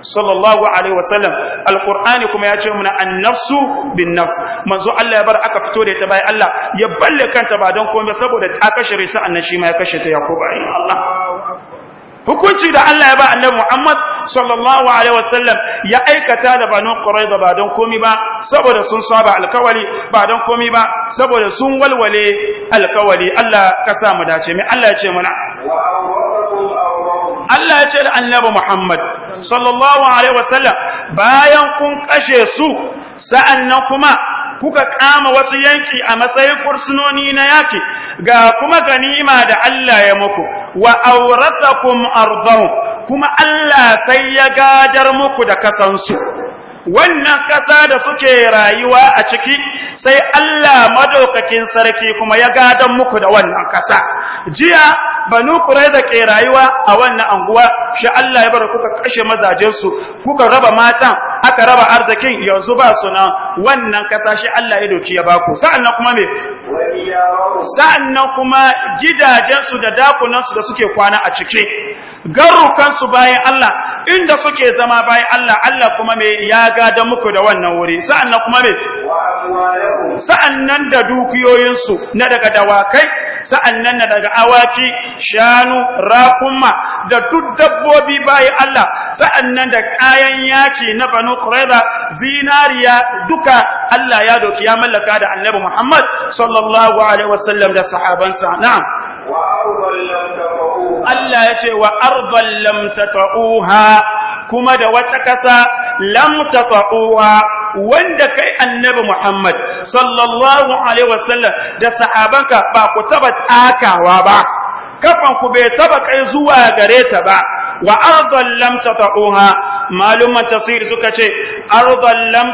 sallallahu alaihi wasallam alqur'ani kuma ya ce muna annafsu bin nafs manzo Allah ya bar aka fito da ita bai Allah ya balle kanta ba don komai saboda ta kashe risa annashi ma ya kashe ta yakuba in Allah hukunci da Allah ya ba annabi Muhammad sallallahu alaihi wasallam ya aikata da banu quraiba ba don komi ba saboda sun saba alkawali ba don komi ba saboda sun walwale alkawali Allah ka sa mu dace mai Allah ya ce mana Allah ya ce da annabi Muhammad sallallahu alaihi wasallam bayan kun kashe su sa'annan kuma kuka kama wasu yanki a matsayin fursunoni na yaki ga kuma ganima da Allah ya muku wa auratakum ardahum kuma Allah sai ya gadar muku da kasansu wannan ƙasa da suke rayuwa a ciki sai Allah madaukakin sarki kuma ya gadan muku da wannan ƙasa jiya banu kurai da ke rayuwa a wannan anguwa shi Allah ya bar kuka kashe mazajensu kuka raba matan aka raba arzikin yanzu ba su nan wannan ƙasa shi Allah ya doki ya ku sa'annan kuma me sa'annan kuma gidajensu da dakunansu da suke kwana a ciki garrukansu bayan Allah inda suke zama bayan Allah Allah kuma me ya gada muku da wannan wuri sa'annan kuma me sa'annan da dukiyoyinsu na daga dawakai sa'annan na daga awaki shanu raƙuma da duk dabbobi bayan Allah sa'annan da kayan yaki na banu qurayza zinariya duka Allah ya doki ya mallaka da annabi Muhammad sallallahu alaihi wasallam da sahabansa na'am Allah ya ce wa arban lam kuma da wata ƙasa lam wanda kai annabi Muhammad sallallahu alaihi wasallam da sa'abanka ba ku taba takawa ba kafanku bai taba kai zuwa gare ta ba wa ardan lam tata'uha malumman tasiri suka ce ardan lam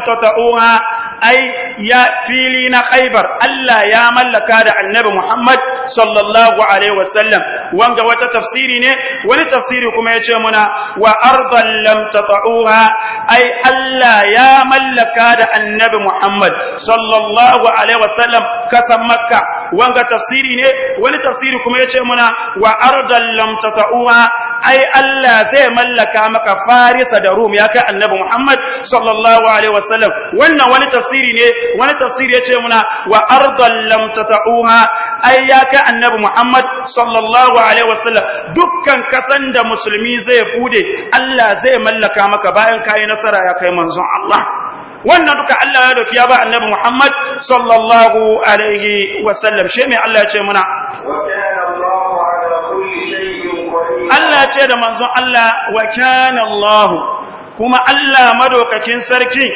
ai ya fili na khaibar Allah ya mallaka da annabi Muhammad sallallahu alaihi wasallam wanga wata tafsiri ne wani tafsiri kuma ya ce muna wa ardan lam tata'uha ai Allah ya mallaka da annabi Muhammad sallallahu alaihi wasallam kasan makka wanga tafsiri ne wani tafsiri kuma ya ce muna wa ardan lam tata'uha ai Allah zai mallaka maka Farisa da Rum ya kai Annabi Muhammad sallallahu alaihi wasallam wannan wani tafsiri ne wani tafsiri yace muna wa ardan lam tata'uha ai ya kai Annabi Muhammad sallallahu alaihi wasallam dukkan kasan da musulmi zai bude Allah zai mallaka maka bayan kai nasara ya kai manzon Allah wannan duka Allah ya doki ya ba annabi Muhammad sallallahu alaihi wasallam She mai Allah ya ce muna Allah ce da manzon Allah wa kana Allah kuma Allah madaukakin sarki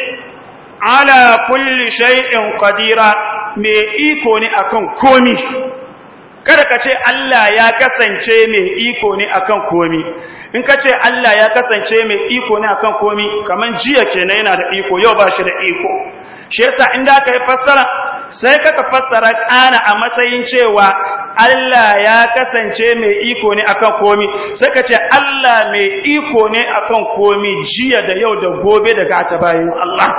ala kulli shay'in qadira me iko ne akan komi kada ka ce Allah ya kasance me iko ne akan komi in ka ce Allah ya kasance mai iko ne akan komi kaman jiya kenan yana da iko yau ba shi da iko shi yasa inda ka yi fassara sai kaka fassara kana a matsayin cewa Allah ya kasance mai iko ne akan komi suka ce Allah mai iko ne akan komi jiya da yau da gobe daga ta bayan Allah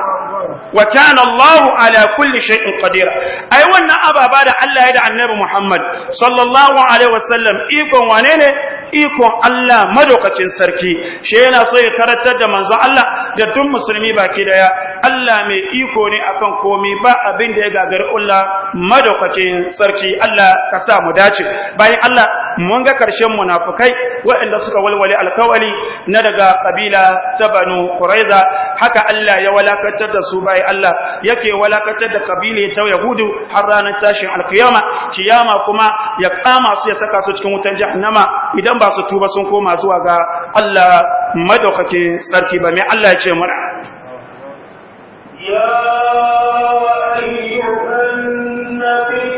wa kana Allah ala kulli shay'in qadir ai wannan ababa da Allah ya da annabi Muhammad sallallahu alaihi wasallam ikon wane ne ikon Allah madaukacin sarki shi yana so ya karantar da manzo Allah da duk musulmi baki daya Allah mai iko ne akan komi ba abin da ya gagari Allah madaukacin sarki Allah ka sa mu mu dace bayan Allah mun ga karshen munafukai waɗanda suka walwale alkawali na daga kabila ta banu quraiza haka Allah ya walakatar da su bayan Allah yake walakatar da ya ta yahudu har ranar tashin alkiyama kiyama kuma ya kama su ya saka su cikin wutan jahannama idan ba su tuba sun koma zuwa ga Allah madaukakin sarki ba mai Allah ya ce mana ya ayyuhan النبي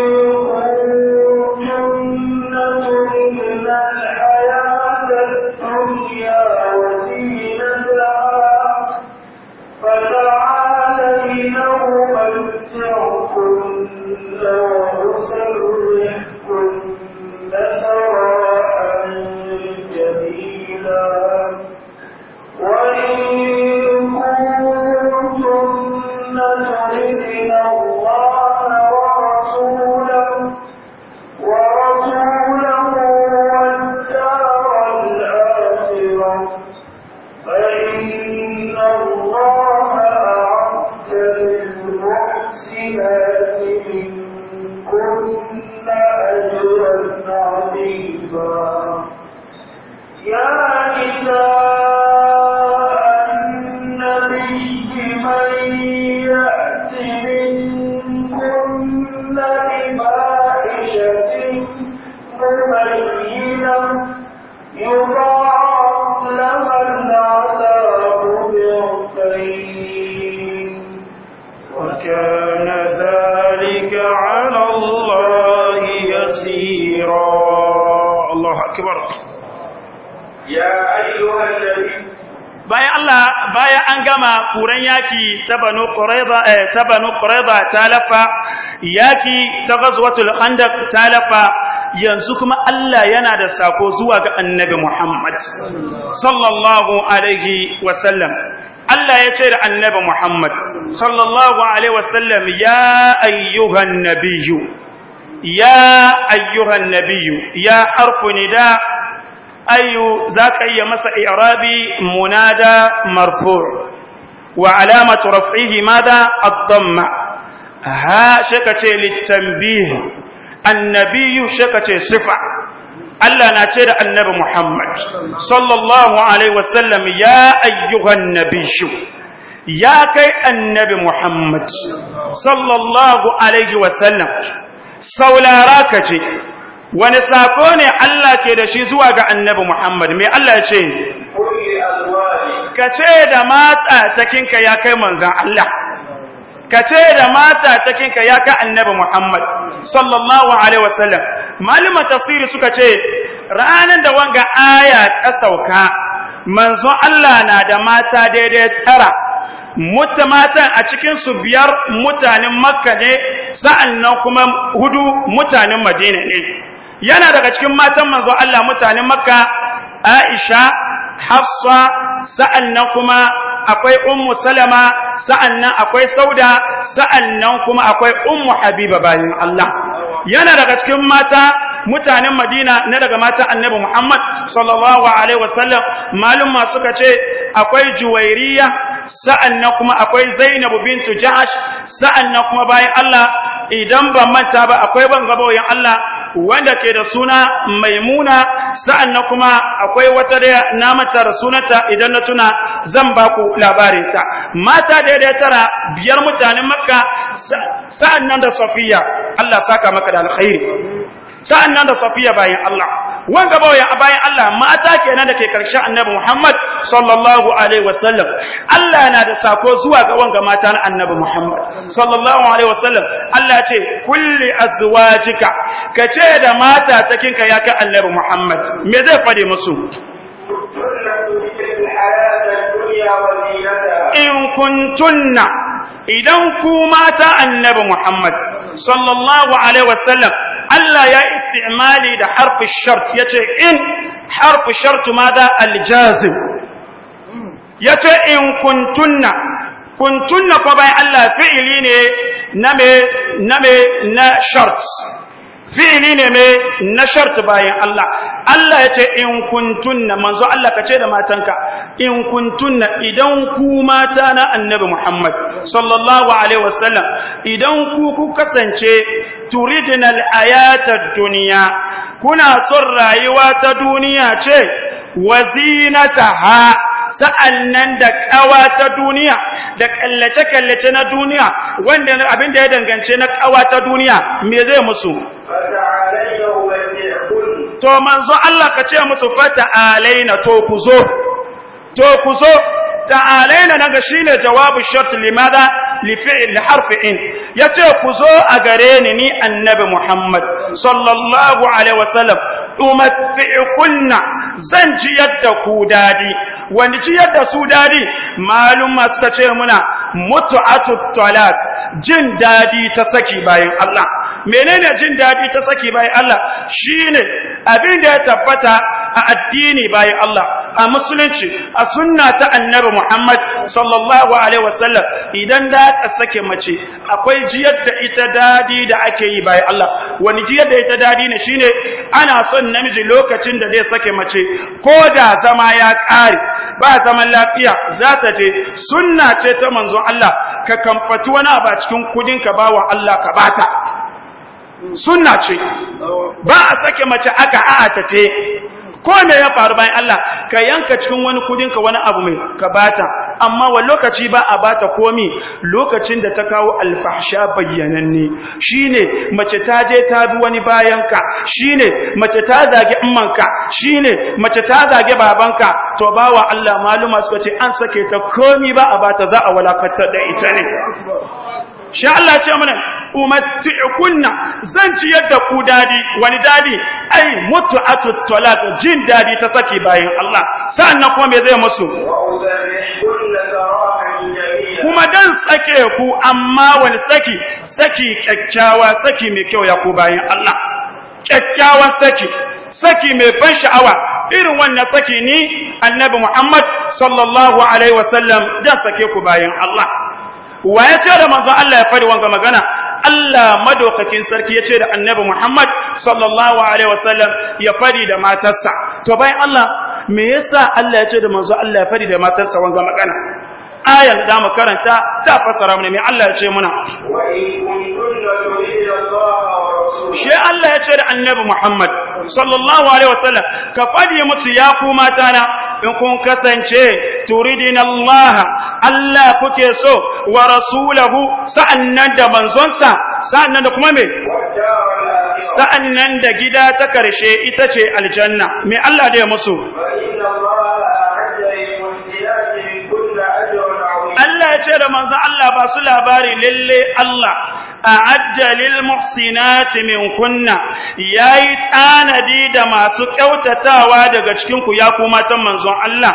Eh, ta banu qurayza ta banu qurayza ta yaki ta khandaq ta yanzu kuma Allah yana da sako zuwa ga annabi Muhammad sallallahu alaihi wasallam Allah ya ce da annabi Muhammad sallallahu alaihi wasallam ya ayyuhan nabiyyu ya ayyuhan nabiyyu ya harfu nida ayu zaka iya masa i'rabi munada marfu' وعلامة رفعه ماذا الضمة ها شكتي للتنبيه النبي شكتي صفة ألا ناتير النبي محمد صلى الله عليه وسلم يا أيها النبي شو يا كي النبي محمد صلى الله عليه وسلم سولا راكتي wani sako ne Allah ke da shi zuwa ga annabi Muhammad mai Allah ce ka ce da mata takinka ya kai manzan Allah ka ce da mata takinka ya kai annabi Muhammad sallallahu alaihi wasallam malama tafsiri suka ce ranan da wanga aya ta sauka manzo Allah na da mata daidai tara mutta matan a cikin su biyar mutanen Makka ne sa'annan kuma hudu mutanen Madina ne yana daga cikin matan manzo Allah mutanen Makka Aisha hafsa sa'annan kuma akwai ummu salama sa'annan akwai sauda sa'annan kuma akwai ummu habiba bayin Allah yana daga cikin mata mutanen madina na daga mata annabi muhammad sallallahu alaihi wasallam ma suka ce akwai juwairiya sa'annan kuma akwai zainabu bintu jahash sa'annan kuma bayan Allah idan ban manta ba akwai ban yin Allah wanda ke da suna maimuna sa'an na kuma akwai wata da sunanta idan na tuna zan ba ku labarinta mata daidai tara biyar mutanen makka sa'an nan da safiya Allah saka maka da alkhairi sa'an nan da safiya bayan Allah wanga bawaya a bayan Allah mata kenan da ke karshen annabi Muhammad sallallahu alaihi wasallam Allah na da sako zuwa ga wanga mata na annabi Muhammad sallallahu alaihi wasallam Allah ce kulli azwajika ce da mata takinka ya ka annabi Muhammad me zai fade musu in kuntunna idan ku mata annabi Muhammad sallallahu alaihi wasallam Allah ya istimali da harfi shart ya ce in harfi shart ma da aljazim ya ce in kuntunna kuntunna ko bayan Allah fi'ili ne na me na me na shart fi'ili ne me na shart bayan Allah Allah ya ce in kuntunna manzo Allah ka ce da matanka in kuntunna idan ku mata na annabi Muhammad sallallahu alaihi wasallam idan ku ku kasance turidna al duniya, dunya kuna son rayuwa ta duniya ce sa'an nan da kawa ta duniya da kallace kallace na duniya wanda abin da ya dangance na kawa ta duniya me zai musu to manzo Allah ka ce musu fata alaina to ku zo to ku zo ta'alaina naga shine jawabu shart limada Lifi harfi in ya ce ku zo a gare ni ni annabi muhammad sallallahu alaihi wasallam umatti'kunna zan ji yadda ku dadi wani ji yadda su dadi maluma suka ce muna mutu'atu talak jin dadi ta saki bayan Allah menene jin daɗi ta saki bayan Allah shine abin da ya tabbata a addini bayan Allah a musulunci a sunna ta annabi Muhammad sallallahu alaihi wasallam idan da ka sake mace akwai jiyar da ita dadi da ake yi bayan Allah wani jiyar da ita dadi ne shine ana son namiji lokacin da zai sake mace ko da zama ya ƙare ba zaman lafiya za ta je sunna ce ta manzon Allah ka kamfaci wani abu a cikin ka bawa Allah ka bata sunna ce ba a sake mace aka a'ata ce ko me ya faru bayan Allah ka yanka cikin wani kudinka wani abu mai ka bata amma wa lokaci ba a bata komi lokacin da ta kawo alfahsha bayyananne shine mace ta je ta bi wani bayanka shine mace ta zage ummanka shine mace ta zage babanka to bawa Allah maluma suka ce an sake ta komi ba a bata za a walakatar da ita ne sha Allah ce mana umatti'kunna zan ci yadda ku dadi wani dadi ai mutu mutu'atu talaq jin dadi ta saki bayan Allah sannan kuma me zai musu kuma dan sake ku amma wani saki saki kyakkyawa saki mai kyau ya ku bayan Allah kyakkyawan saki saki mai ban sha'awa irin wannan saki ni annabi Muhammad sallallahu alaihi wasallam da sake ku bayan Allah wa ya ce da manzon Allah ya fadi wanga magana Allah madaukakin sarki ya ce da annabi Muhammad sallallahu alaihi wasallam ya fadi da matarsa to bayan Allah me yasa Allah ya ce da manzo Allah ya fadi da matarsa wanga magana ayan da mu karanta ta fasara mana me Allah ya ce muna She Allah ya ce da annabi Muhammad sallallahu alaihi wasallam ka fadi musu ya ku mata in kun kasance turidin Allah Allah kuke so wa rasulahu sa'annan da manzonsa sa'annan da kuma me sa'annan da gida ta karshe ita ce aljanna me Allah da ya musu Allah ya ce da manzon Allah ba su labari lalle Allah a lil muhsinati min kunna yayi tsanadi da masu kyautatawa daga cikin ku ya kuma ta manzon Allah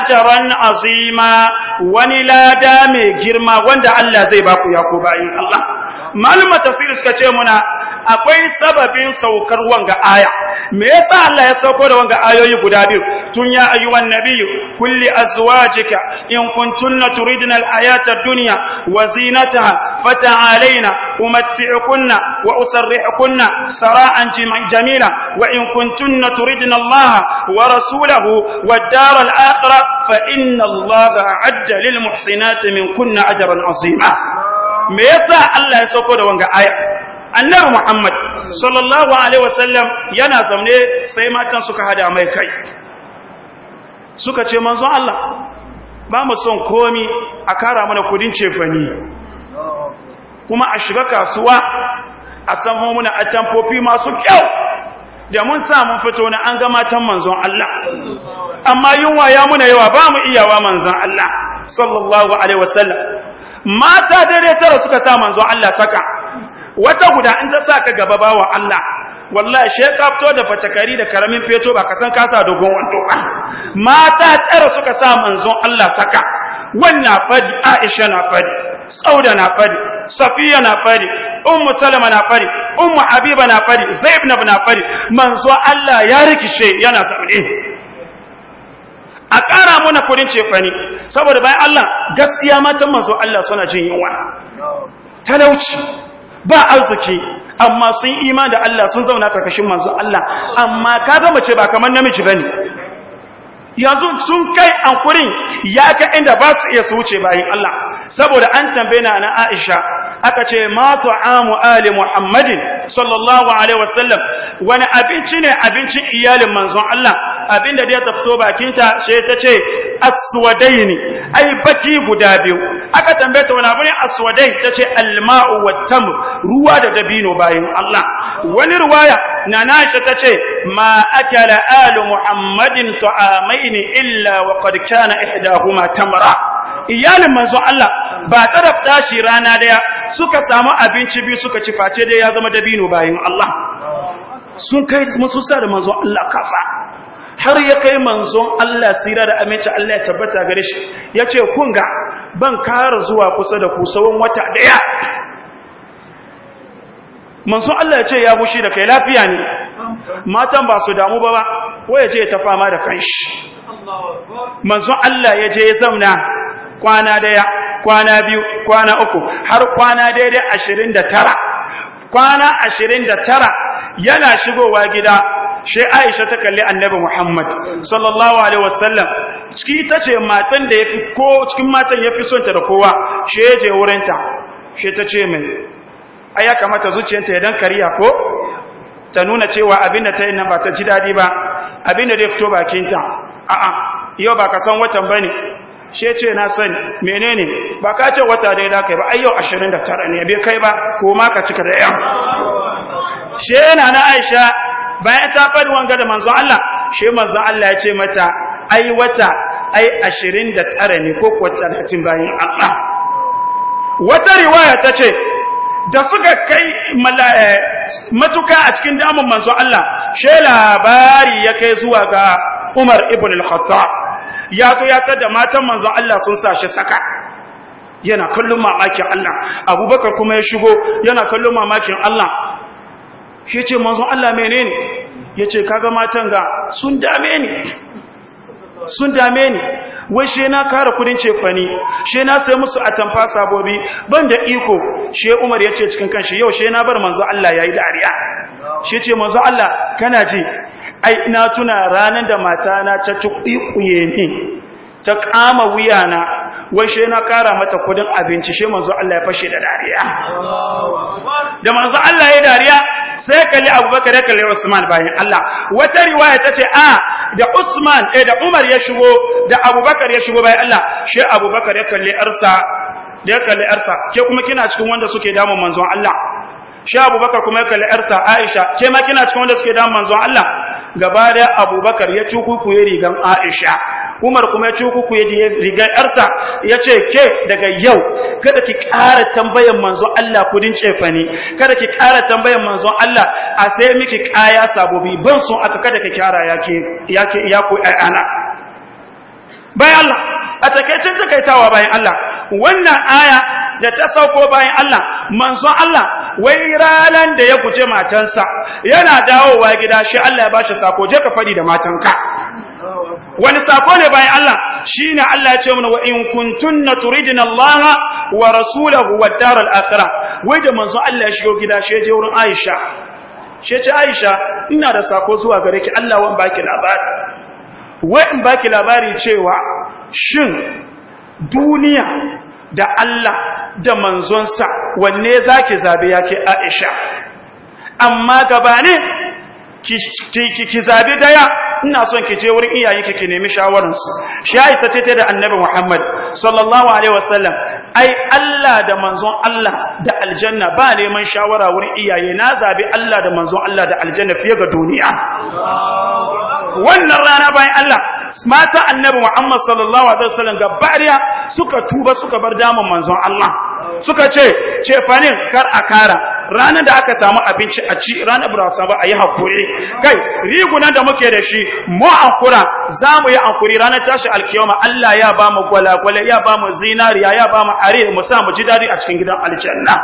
ajran azima wani lada mai girma wanda Allah zai ba ku ya ku bayin Allah malama tafsir suka ce muna akwai sababin saukar wanga aya me yasa Allah ya sauko da wanga ayoyi guda biyu tun ya ayyuhan nabiyyu kulli azwajika in kuntunna turidna al-hayata ad-dunya wa zinataha fata'alaina umatti'kunna wa usarrihkunna sara'an jamila wa in kuntunna turidna Allah wa rasulahu wad-dar al-akhirah fa inna Allah a'adda lil muhsinati minkunna ajran 'azima me yasa Allah ya sauko da wanga aya annabi muhammad sallallahu alaihi wasallam yana zaune sai matan suka hada mai kai suka ce manzon Allah ba mu son komi a kara mana kudin cefani kuma a shiga kasuwa a samu muna atamfofi masu kyau da mun samu fito na an ga matan manzon Allah amma yunwa ya muna yawa ba mu iyawa manzon Allah sallallahu alaihi wasallam mata daidai tara suka sa manzon Allah saka wata guda in ta sa ka gaba bawa Allah wallahi she ka fito da fatakari da karamin feto ba ka san ka sa dogon wando ba mata tsara suka sa manzon Allah saka wannan fadi Aisha na fadi Sauda na fadi Safiya na fadi Ummu Salama na fadi Ummu Habiba na fadi Zainab na fadi manzon Allah ya rikice yana saudi a ƙara mana kudin cefani saboda bayan Allah gaskiya matan masu Allah suna jin yunwa talauci ba arziki amma sun iman da Allah sun zauna karkashin manzo Allah amma ka ga mace ba kamar namiji bane yanzu sun kai ankurin ya ka inda ba su iya su wuce bayin Allah saboda an tambaye na Aisha aka ce ma ta'amu ali muhammadin sallallahu alaihi wasallam wani abinci ne abincin iyalin manzon Allah abinda da ya tafto bakinta sai ta ce aswadaini ai baki guda biyu aka tambaye ta wani abu ne aswadai ta ce alma'u wattam ruwa da dabino bayan Allah wani ruwaya na nashi ta ce ma akala alu muhammadin ta'amaini illa wa qad kana ihdahuma tamra iyalin manzo Allah ba tsaraf shi rana daya suka samu abinci biyu suka ci face dai ya zama dabino bayin Allah sun kai mususa da manzo Allah kafa har ya kai manzo Allah sira da aminci Allah ya tabbata gare shi yace kun ga ban kara zuwa kusa da ku sawon wata daya manzon Allah ya ce ya gushi da kai lafiya ne matan ba su damu ba ba ko ya je ta fama da kanshi manzo Allah ya je ya zamna kwana daya kwana biyu kwana uku har kwana daidai ashirin da tara kwana ashirin da tara yana shigowa gida shi aisha ta kalli annabi muhammad sallallahu alaihi wasallam ciki ita matan da ya fi ko cikin matan ya fi sonta da kowa shi ya je wurinta shi ta ce mai ai ya kamata zuciyarta ya dan kariya ko ta nuna cewa abin da ta yi nan ba ta ji daɗi ba Abinda da ya fito bakinta a'a yau ba ka san watan ba ne shi ce na sani menene ba ka ce wata dai da kai ba ayyau 29 ne bai kai ba ko ma ka cika da yan shi yana na aisha bayan ta faɗi wanga da manzo Allah shi manzon Allah ya ce mata ai wata ai 29 ne ko kuwa 30 bayan Allah wata riwaya ta ce da suka kai eh, matuka a cikin damun manzon Allah shi labari ya kai zuwa ga Umar ibn al-Khattab ya zo ya tsada matan manzo Allah sun sa saka yana kallon mamakin Allah abubakar kuma ya shigo yana kallon mamakin Allah shi ce manzo Allah menene ya ce kaga matan ga sun dame ni sun dame ni wai she na kara kudin cefani she na sai musu atamfa sabobi ban da iko she umar ya ce cikin kanshi yau she na bar manzo Allah ya yi dariya she ce manzo Allah kana ji ai ina tuna ranar da matana ta tuƙuƙuye ne ta kama wuya wai she na kara mata kudin abinci she manzo Allah ya fashe da dariya da manzo Allah ya dariya sai kali Abubakar ya kalli Usman bayan Allah wata riwaya tace a ah, da Usman eh da Umar ya shigo da Abubakar ya shigo bayan Allah she Abubakar ya kalli arsa ya kalli arsa ke kuma kina cikin wanda suke damun manzo Allah she Abubakar kuma ya kalli arsa Aisha ke ma kina cikin wanda suke damun manzon Allah gaba da abubakar ya cukuku ya rigan aisha umar kuma ya cukuku ya rigan yarsa ya ce ke daga yau kada ki ƙara tambayan manzon Allah kudin cefani kada ki ƙara tambayan manzon Allah a sai miki kaya sabobi ban son aka kada ka kyara yake yake ya ku ana bai Allah a takaicin takaitawa bayan Allah wannan aya da ta sauko bayan Allah manzon Allah wai ranan da ya guje matansa yana dawowa gida shi Allah ya bashi sako je ka fadi da matanka wani sako ne bayan Allah shi ne Allah ya ce mana wa in kuntunna turidina Allah wa rasulahu wa daral akhirah wai da manzo Allah ya shigo gida shi je wurin Aisha shi ce Aisha ina da sako zuwa gare ki Allah wan baki labari wai in baki labari cewa shin duniya da Allah da manzonsa wanne zaki zabe yake Aisha amma gabanin ki ki, zabe daya ina son ki je wurin iyayenki ki nemi shawararsu shayi ta ce da annabi Muhammad sallallahu alaihi wasallam ai Allah da manzon Allah da aljanna ba neman shawara wurin iyaye na zaɓi Allah da manzon Allah da aljanna fiye ga duniya wannan rana bayan Allah mata annabi Muhammad sallallahu alaihi wasallam Bariya suka tuba suka bar daman manzon Allah suka ce ce fanin kar a kara ranar da aka samu abinci a ci ranar ba samu a yi hakuri kai rigunan da muke da shi mu ankura za mu yi ankuri ranar tashi alkiyama Allah ya ba mu gwalagwale ya ba mu zinariya ya ba mu are mu sa mu ji daɗi a cikin gidan aljanna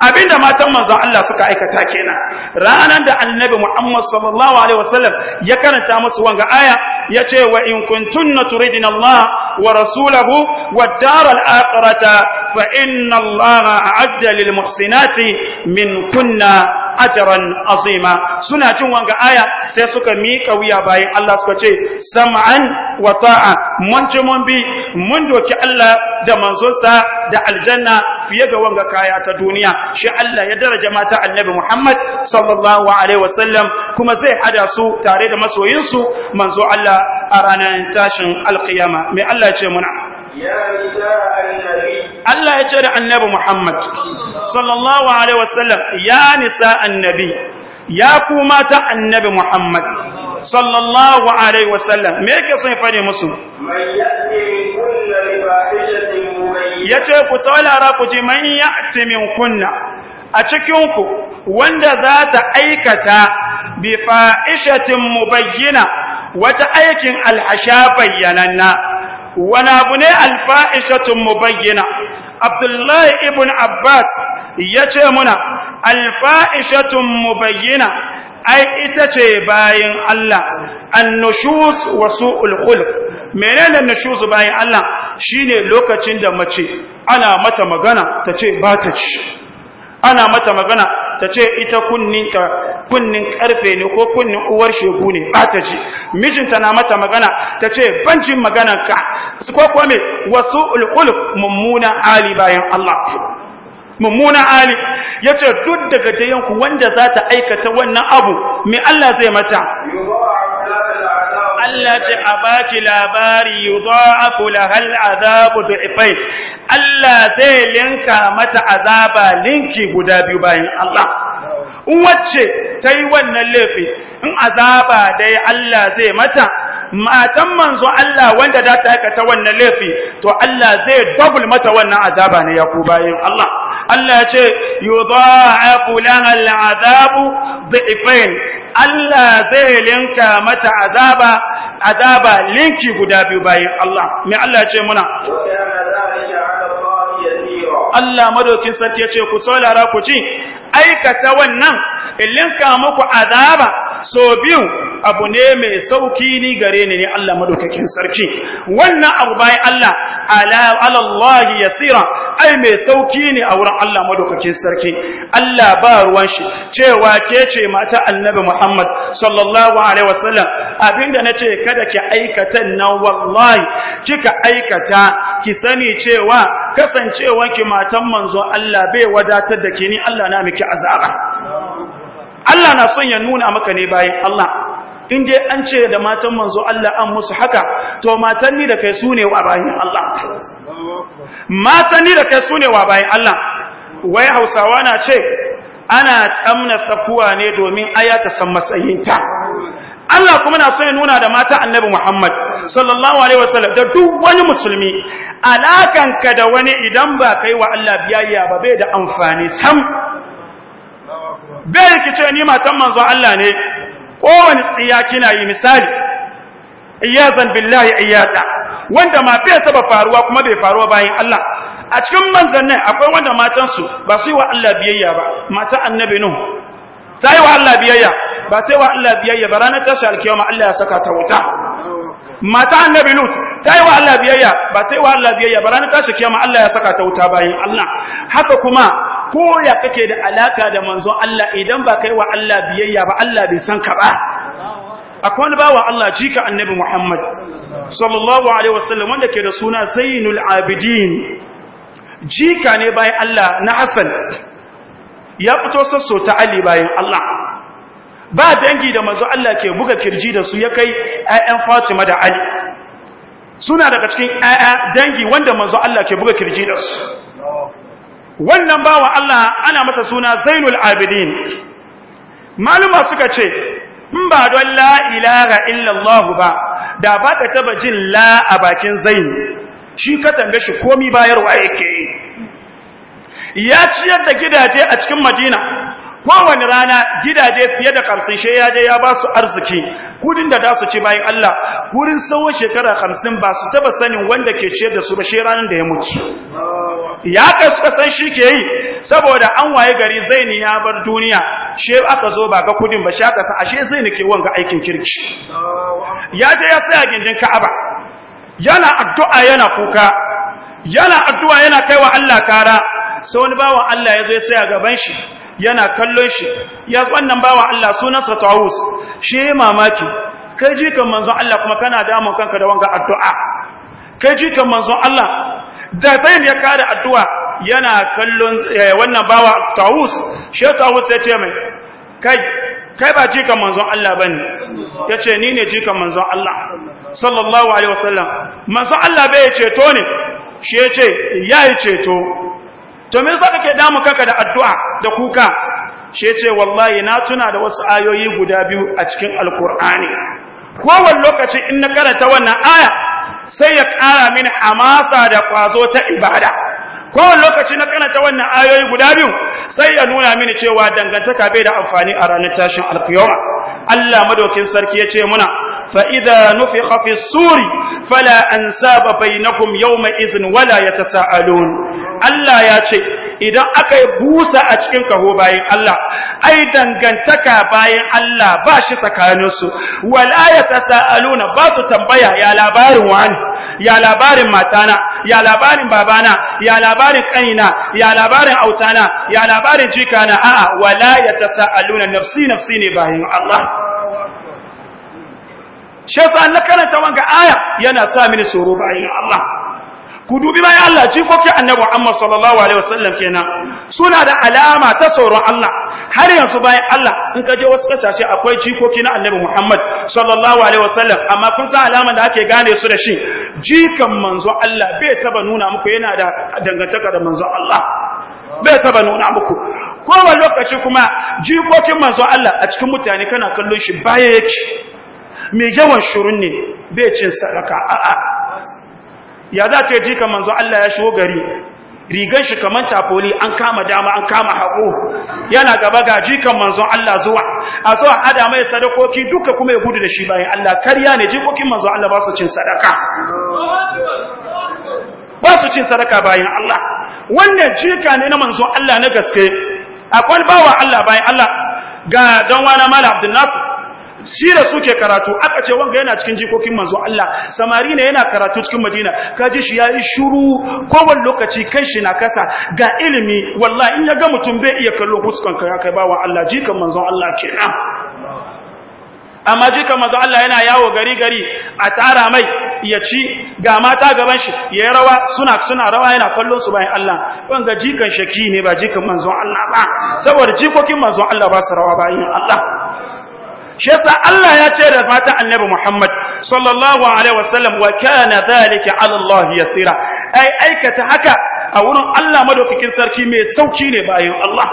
abinda matan manzon Allah suka aikata kenan ranan da annabi Muhammad sallallahu alaihi wasallam ya karanta musu wanga aya yace wa in kuntunna turidina Allah wa rasulahu wad daral akhirata fa inna Allah a'adda lil muhsinati min kunna ajaran azima suna cin wanga aya sai suka miƙa wuya bayan Allah suka ce sam'an wa ta'a mun ci mun bi mun doki Allah da manzonsa da aljanna fiye da wanga kaya ta duniya shi Allah ya daraja mata annabi Muhammad sallallahu alaihi wasallam kuma zai hada su tare da masoyinsu manzo Allah a ranar tashin alkiyama mai Allah ce muna Allah ya ce da annabi Muhammad sallallahu alaihi wasallam ya nisa annabi ya ku mata annabi Muhammad sallallahu alaihi wasallam me yake son ya fade musu ya ce ku saulara ku ji man ya'ti min kunna a cikinku wanda za ta aikata bi fa'ishatin bayyana, wata aikin alhasha bayyananna wani abu ne alfa'ishatun mubayyana abdullahi ibn abbas ya ce muna alfa'ishatun mubayyina ai ita ce bayan Allah annushus wa su'ul khulq menene annushuz bayan Allah shine lokacin da mace ana mata magana tace ba ta ci ana mata magana tace ita kunnin ta kunnin karfe ne ko kunnin uwar shegu ne ba ta ci mijinta na mata magana tace bancin magana ka ko kuma me wasu'ul khulq mummuna ali bayan Allah mummunan ya yace duk daga tayanku wanda za ta aikata wannan abu me Allah zai mata Allah ce a baki labari yudha'afu lahal azabu du'ifai Allah zai linka mata azaba linki guda biyu bayan Allah wacce ta yi wannan laifi in azaba dai Allah zai mata matan manzo Allah wanda za ta aikata wannan laifi to Allah zai double mata wannan azaba ne ya ku bayin Allah Allah ya ce yudha'afu laha al'adabu dhi'fain Allah zai linka mata azaba azaba linki guda biyu bayan Allah me Allah ya ce muna Allah madaukin sarki ya ce ku saurara ku ci aikata wannan in linka muku azaba so biyu abu ne mai sauki ni gare ni ne Allah madaukakin sarki wannan abu bayan Allah ala Allah yasira ai mai sauki ne a wurin Allah madaukakin sarki Allah ba ruwan shi cewa ke ce mata annabi Muhammad sallallahu alaihi wasallam abinda nace kada ki aikata nan wallahi kika aikata ki sani cewa kasancewanki matan manzo Allah bai wadatar da ki ni Allah na miki azaba Allah na son ya nuna maka ne bayan Allah in je an ce da matan manzo Allah an musu haka to matan ni da kai su ne wa bayan Allah matan ni da kai su ne wa bayan Allah wai hausawa na ce ana tsamna sakuwa ne domin aya ta san matsayinta Allah kuma na son ya nuna da mata annabi Muhammad sallallahu alaihi wasallam da duk wani musulmi alakanka da wani idan ba kai wa Allah biyayya ba bai da amfani sam bai ki cewa ni matan manzo Allah ne kowane tsiya kina yi misali iyazan billahi iyata wanda ma bai taba faruwa kuma bai faruwa bayan Allah a cikin nan akwai wanda matansu ba su yi wa Allah biyayya ba mata annabi nuhu ta yi wa Allah biyayya ba ta yi wa Allah biyayya ba ranar tashi alkiyama Allah ya saka ta wuta mata annabi lut ta yi wa Allah biyayya ba ta yi wa Allah biyayya ba ranar tashi kiyama Allah ya saka ta wuta bayan Allah haka kuma ko ya kake da alaka da manzon Allah idan ba kai wa Allah biyayya ba Allah bai san ka ba akwai wani bawa Allah jika annabi Muhammad sallallahu alaihi wasallam wanda ke da suna Zainul Abidin jika ne bayan Allah na Hassan ya fito sasso ta Ali bayan Allah ba dangi da manzo Allah ke buga kirji da su ya kai ayyan Fatima da Ali suna daga cikin ƴaƴa dangi wanda manzo Allah ke buga kirji da su wannan bawa Allah ana masa suna Zainul Abidin maluma suka ce in ba don la ilaha illallahu ba da ba ka taba jin la a bakin Zain shi ka tambaye shi komai bayarwa yake ya ciyar da gidaje a cikin Madina kowane rana gidaje fiye da kamsin shi ya je ya ba su arziki kudin da za su ci bayan Allah wurin tsawon shekara hamsin ba su taba sanin wanda ke ciyar da su ba shi ranar da ya mutu ya kai suka shi ke yi saboda an waye gari ni ya bar duniya shi aka zo ba ga kudin ba shi aka san ashe zaini ke wanga aikin kirki ya je ya saya gindin ka'aba yana addu'a yana kuka yana addu'a yana kaiwa Allah kara sai wani bawan Allah ya zo ya saya gaban shi yana kallon shi ya wannan bawa Allah sunansa Tawus shi mamaki kai kan manzon Allah kuma kana damun kanka da wanga addu'a kai kan manzon Allah da sai ya kada addu'a yana kallon eh, wannan bawa Tawus shi Tawus ya ce mai kai kai ba kan manzon Allah bane yace ni ne kan manzon Allah sallallahu alaihi wasallam manzon Allah bai ceto ne shi yace yayi ceto to me yasa kake damu kaka da addu'a da kuka she ce wallahi na tuna da wasu ayoyi guda biyu a cikin alkur'ani kowane lokaci in na karanta wannan aya sai ya kara mini hamasa da kwazo ta ibada kowane lokaci na karanta wannan ayoyi guda biyu sai ya nuna mini cewa dangantaka bai da amfani a ranar tashin alkiyoma Allah madaukin sarki ya ce muna Fa'ida فإذا نفخ في الصور فلا أنساب بينكم يومئذ ولا يتساءلون Allah ya ce idan aka yi busa a cikin kaho bayan Allah ai dangantaka bayan Allah ba shi tsakaninsu wal'ayata sa'aluna ba su tambaya ya labarin wani ya labarin matana ya labarin babana ya labarin kanina ya labarin autana ya labarin jikana a'a wal'ayata sa'aluna nafsi nafsi ne bayan Allah shi yasa na karanta wanga aya yana sa mini tsoro bayan Allah ku dubi bayan Allah jikokin annabi Muhammad sallallahu alaihi wasallam kenan suna da alama ta tsoron Allah har yanzu bayan Allah in ka je wasu kasashe akwai jikoki na annabi Muhammad sallallahu alaihi wasallam amma kun san alama da ake gane su da shi jikan manzo Allah bai taba nuna muku yana da dangantaka da manzo Allah bai taba nuna muku kowane lokaci kuma jikokin manzo Allah a cikin mutane kana kallon shi baya yake mai yawan shirun ne bai cin sadaka a'a ya za ce kamar zo Allah ya shigo gari rigan shi kamar tafoli an kama dama an kama haƙo yana gaba ga kamar zo Allah zuwa a zuwa adamai mai sadakoki duka kuma ya gudu da shi bayan Allah karya ne jikokin manzon Allah ba su cin sadaka ba su cin sadaka bayan Allah wannan jika ne na manzon Allah na gaske akwai bawa Allah bayan Allah ga dan wana mala Abdul Nasir shi da suke karatu aka ce wanga yana cikin jikokin manzo Allah samari ne yana karatu cikin Madina kaji shi ya yayi shiru kowane lokaci kan shi na kasa ga ilimi wallahi in ya ga mutum bai iya kallo huskan ka ya kai bawa Allah jikan manzo Allah kenan amma jikan manzo Allah yana yawo gari gari a tara mai ya ci ga mata gaban shi ya rawa suna suna rawa yana kallon su bayan Allah wanga jikan shaki ne ba jikan manzon Allah ba saboda jikokin manzon Allah ba su rawa bayan Allah shi yasa Allah ya ce da fata annabi Muhammad sallallahu alaihi wasallam wa kana dhalika ala Allah yasira ai aikata haka a wurin Allah madaukakin sarki mai sauki ne bayan Allah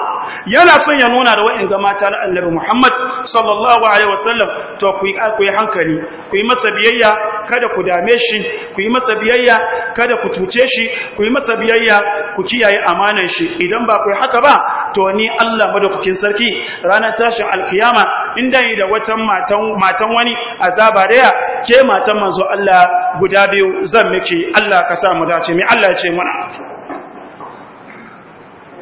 yana son ya nuna da wa'in mata na annabi Muhammad sallallahu alaihi wasallam to ku yi hankali ku yi masa biyayya kada ku dame shi ku yi masa biyayya kada ku tuce shi ku yi masa biyayya ku kiyaye amanan shi idan ba ku yi haka ba to ni Allah madaukakin sarki ranar tashin alkiyama inda ni da wata matan matan wani azaba daya ke matan manzo Allah guda biyu zan miki Allah ka sa mu dace mi Allah ya ce mana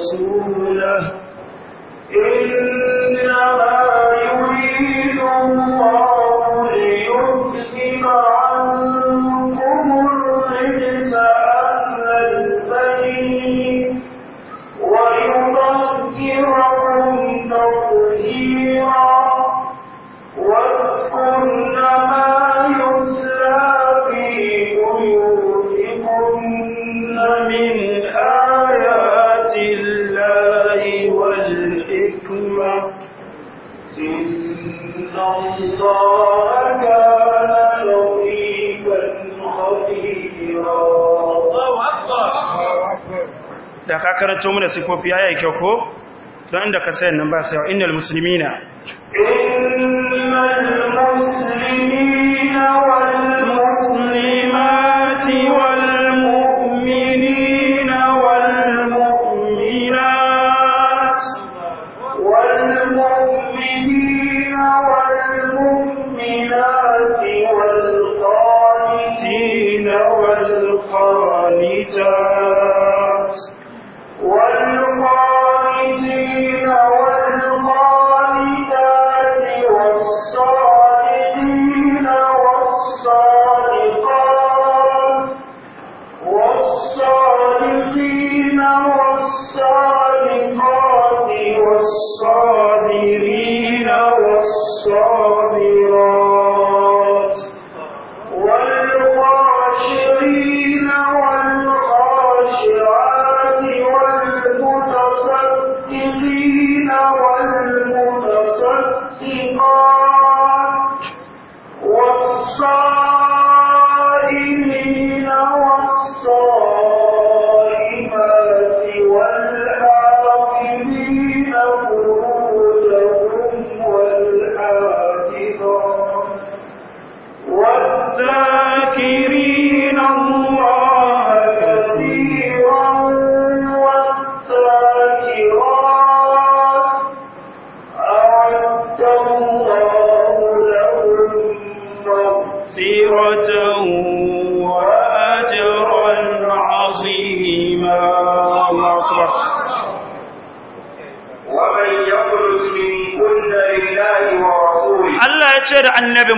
رسوله ورسوله إنما يريد الله karanto mana sifofi yayi kyau ko don inda ka sayar nan ba sai innal muslimina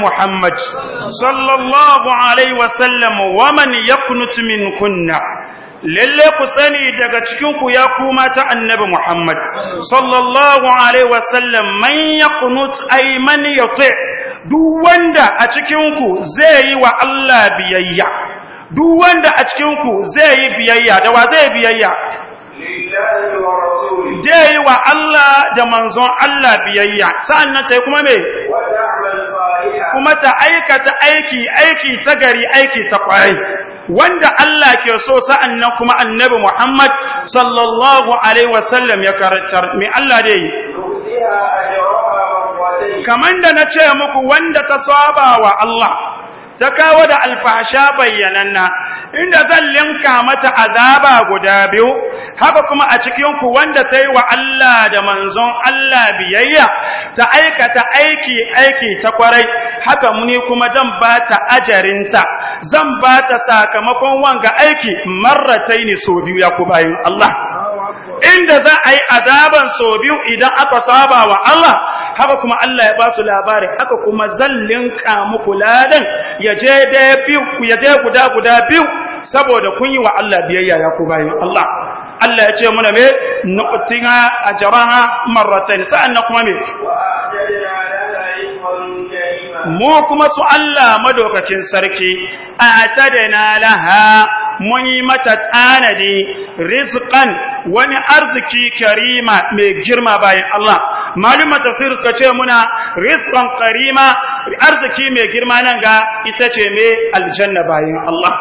محمد صلى الله عليه وسلم ومن يقنت منكن lalle ku sani daga cikinku ya kuma ta annabi Muhammad sallallahu alaihi wasallam man yaqnut ay man yuti duk wanda a cikinku zai yi wa Allah biyayya duk wanda a cikinku zai yi biyayya da wa zai biyayya zai yi wa Allah da manzon Allah biyayya sannan tai kuma me kuma ta aikata aiki aiki ta gari aiki ta kwarai wanda Allah ke so sa'an nan kuma annabi Muhammad sallallahu alaihi wasallam ya karantar me Allah yi? kaman da na ce muku wanda ta saba wa Allah ta kawo da alfahasha bayyananna inda zan linka mata azaba guda biyu haka kuma a cikinku wanda ta yi wa Allah da manzon Allah biyayya ta aikata aiki aiki ta kwarai haka muni kuma zan ba ta ajarinsa zan ba ta sakamakon wanga aiki marrataini so biyu ya ku bayin Allah inda za a yi azaban so biyu idan aka saba wa Allah haka kuma Allah ya ba su labari haka kuma zallin kamu kuladan ya je guda guda biyu saboda kun yi wa Allah biyayya ya ku bayan Allah Allah ya ce muna me nu'tina ajraha sa'an na kuma me mu kuma su Allah madaukakin sarki a atadana laha mun yi mata tsanadi rizqan wani arziki karima mai girma bayan Allah malumma tafsir suka ce muna rizqan karima arziki mai girma nan ga ita ce mai aljanna bayan Allah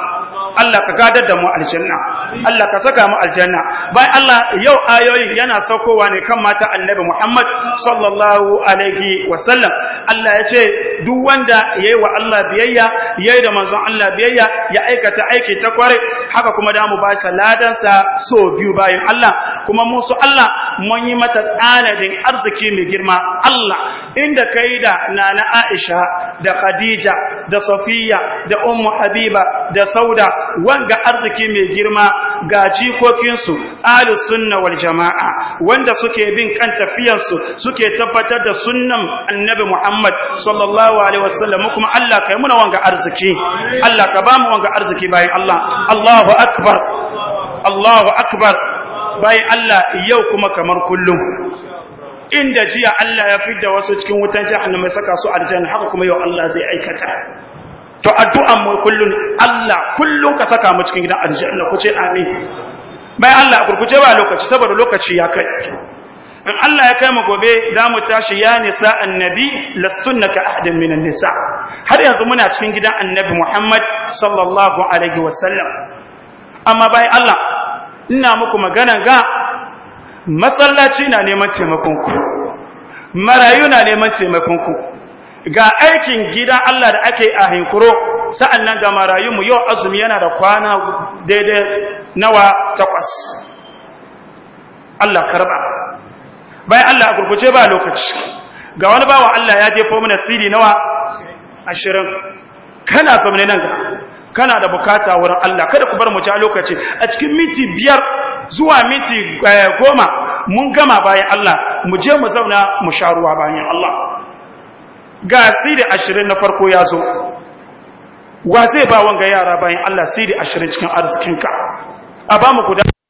Allah ka gadar da mu aljanna Allah ka saka mu aljanna bai Allah yau ayoyin yana saukowa ne kan mata annabi Muhammad sallallahu alaihi wasallam Allah ya ce duk wanda yayi wa Allah biyayya yayi da manzon Allah biyayya ya aikata aiki ta kware haka kuma da mu ba shi ladan sa so biyu bayan Allah kuma mu Allah mun yi mata tsanadin arziki mai girma Allah inda kai da nana Aisha da Khadija da Safiya da Ummu Habiba da Sauda wanga arziki mai girma ga jikokinsu ahli sunna wal jama'a wanda suke bin kan tafiyarsu suke tabbatar da sunnan annabi Muhammad sallallahu sallallahu alaihi wasallam kuma Allah kai muna wanga arziki Allah ka ba mu wanga arziki bayan Allah Allahu akbar Allahu akbar bai Allah yau kuma kamar kullum inda jiya Allah ya fidda wasu cikin wutan jahannama saka su aljanna haka kuma yau Allah zai aikata to addu'an mu kullun Allah kullun ka saka mu cikin gidan aljanna ku ce amin Bai Allah a kurkuce ba lokaci saboda lokaci ya kai in Allah ya kai mu gobe za mu tashi ya nisa annabi ka ahadin minan nisa har yanzu muna cikin gidan annabi Muhammad sallallahu alaihi wasallam amma bai Allah ina muku magana ga masallaci na neman taimakon ku marayu na neman taimakon ku ga aikin gidan Allah da ake a hinkuro sa'annan ga marayu mu yau azumi yana da kwana daidai nawa takwas Allah karba bayan Allah a gurguje ba lokaci ga wani bawa Allah ya je mana siri nawa ashirin kana zaune nan ga kana da bukata wurin Allah kada ku bar mu ja lokaci a cikin minti biyar zuwa minti eh, goma mun gama bayan Allah mu je mu zauna mu sha ruwa bayan Allah ga siri ashirin na farko ya zo wa zai ba wanga yara bayan Allah siri ashirin cikin arzikinka a ba mu guda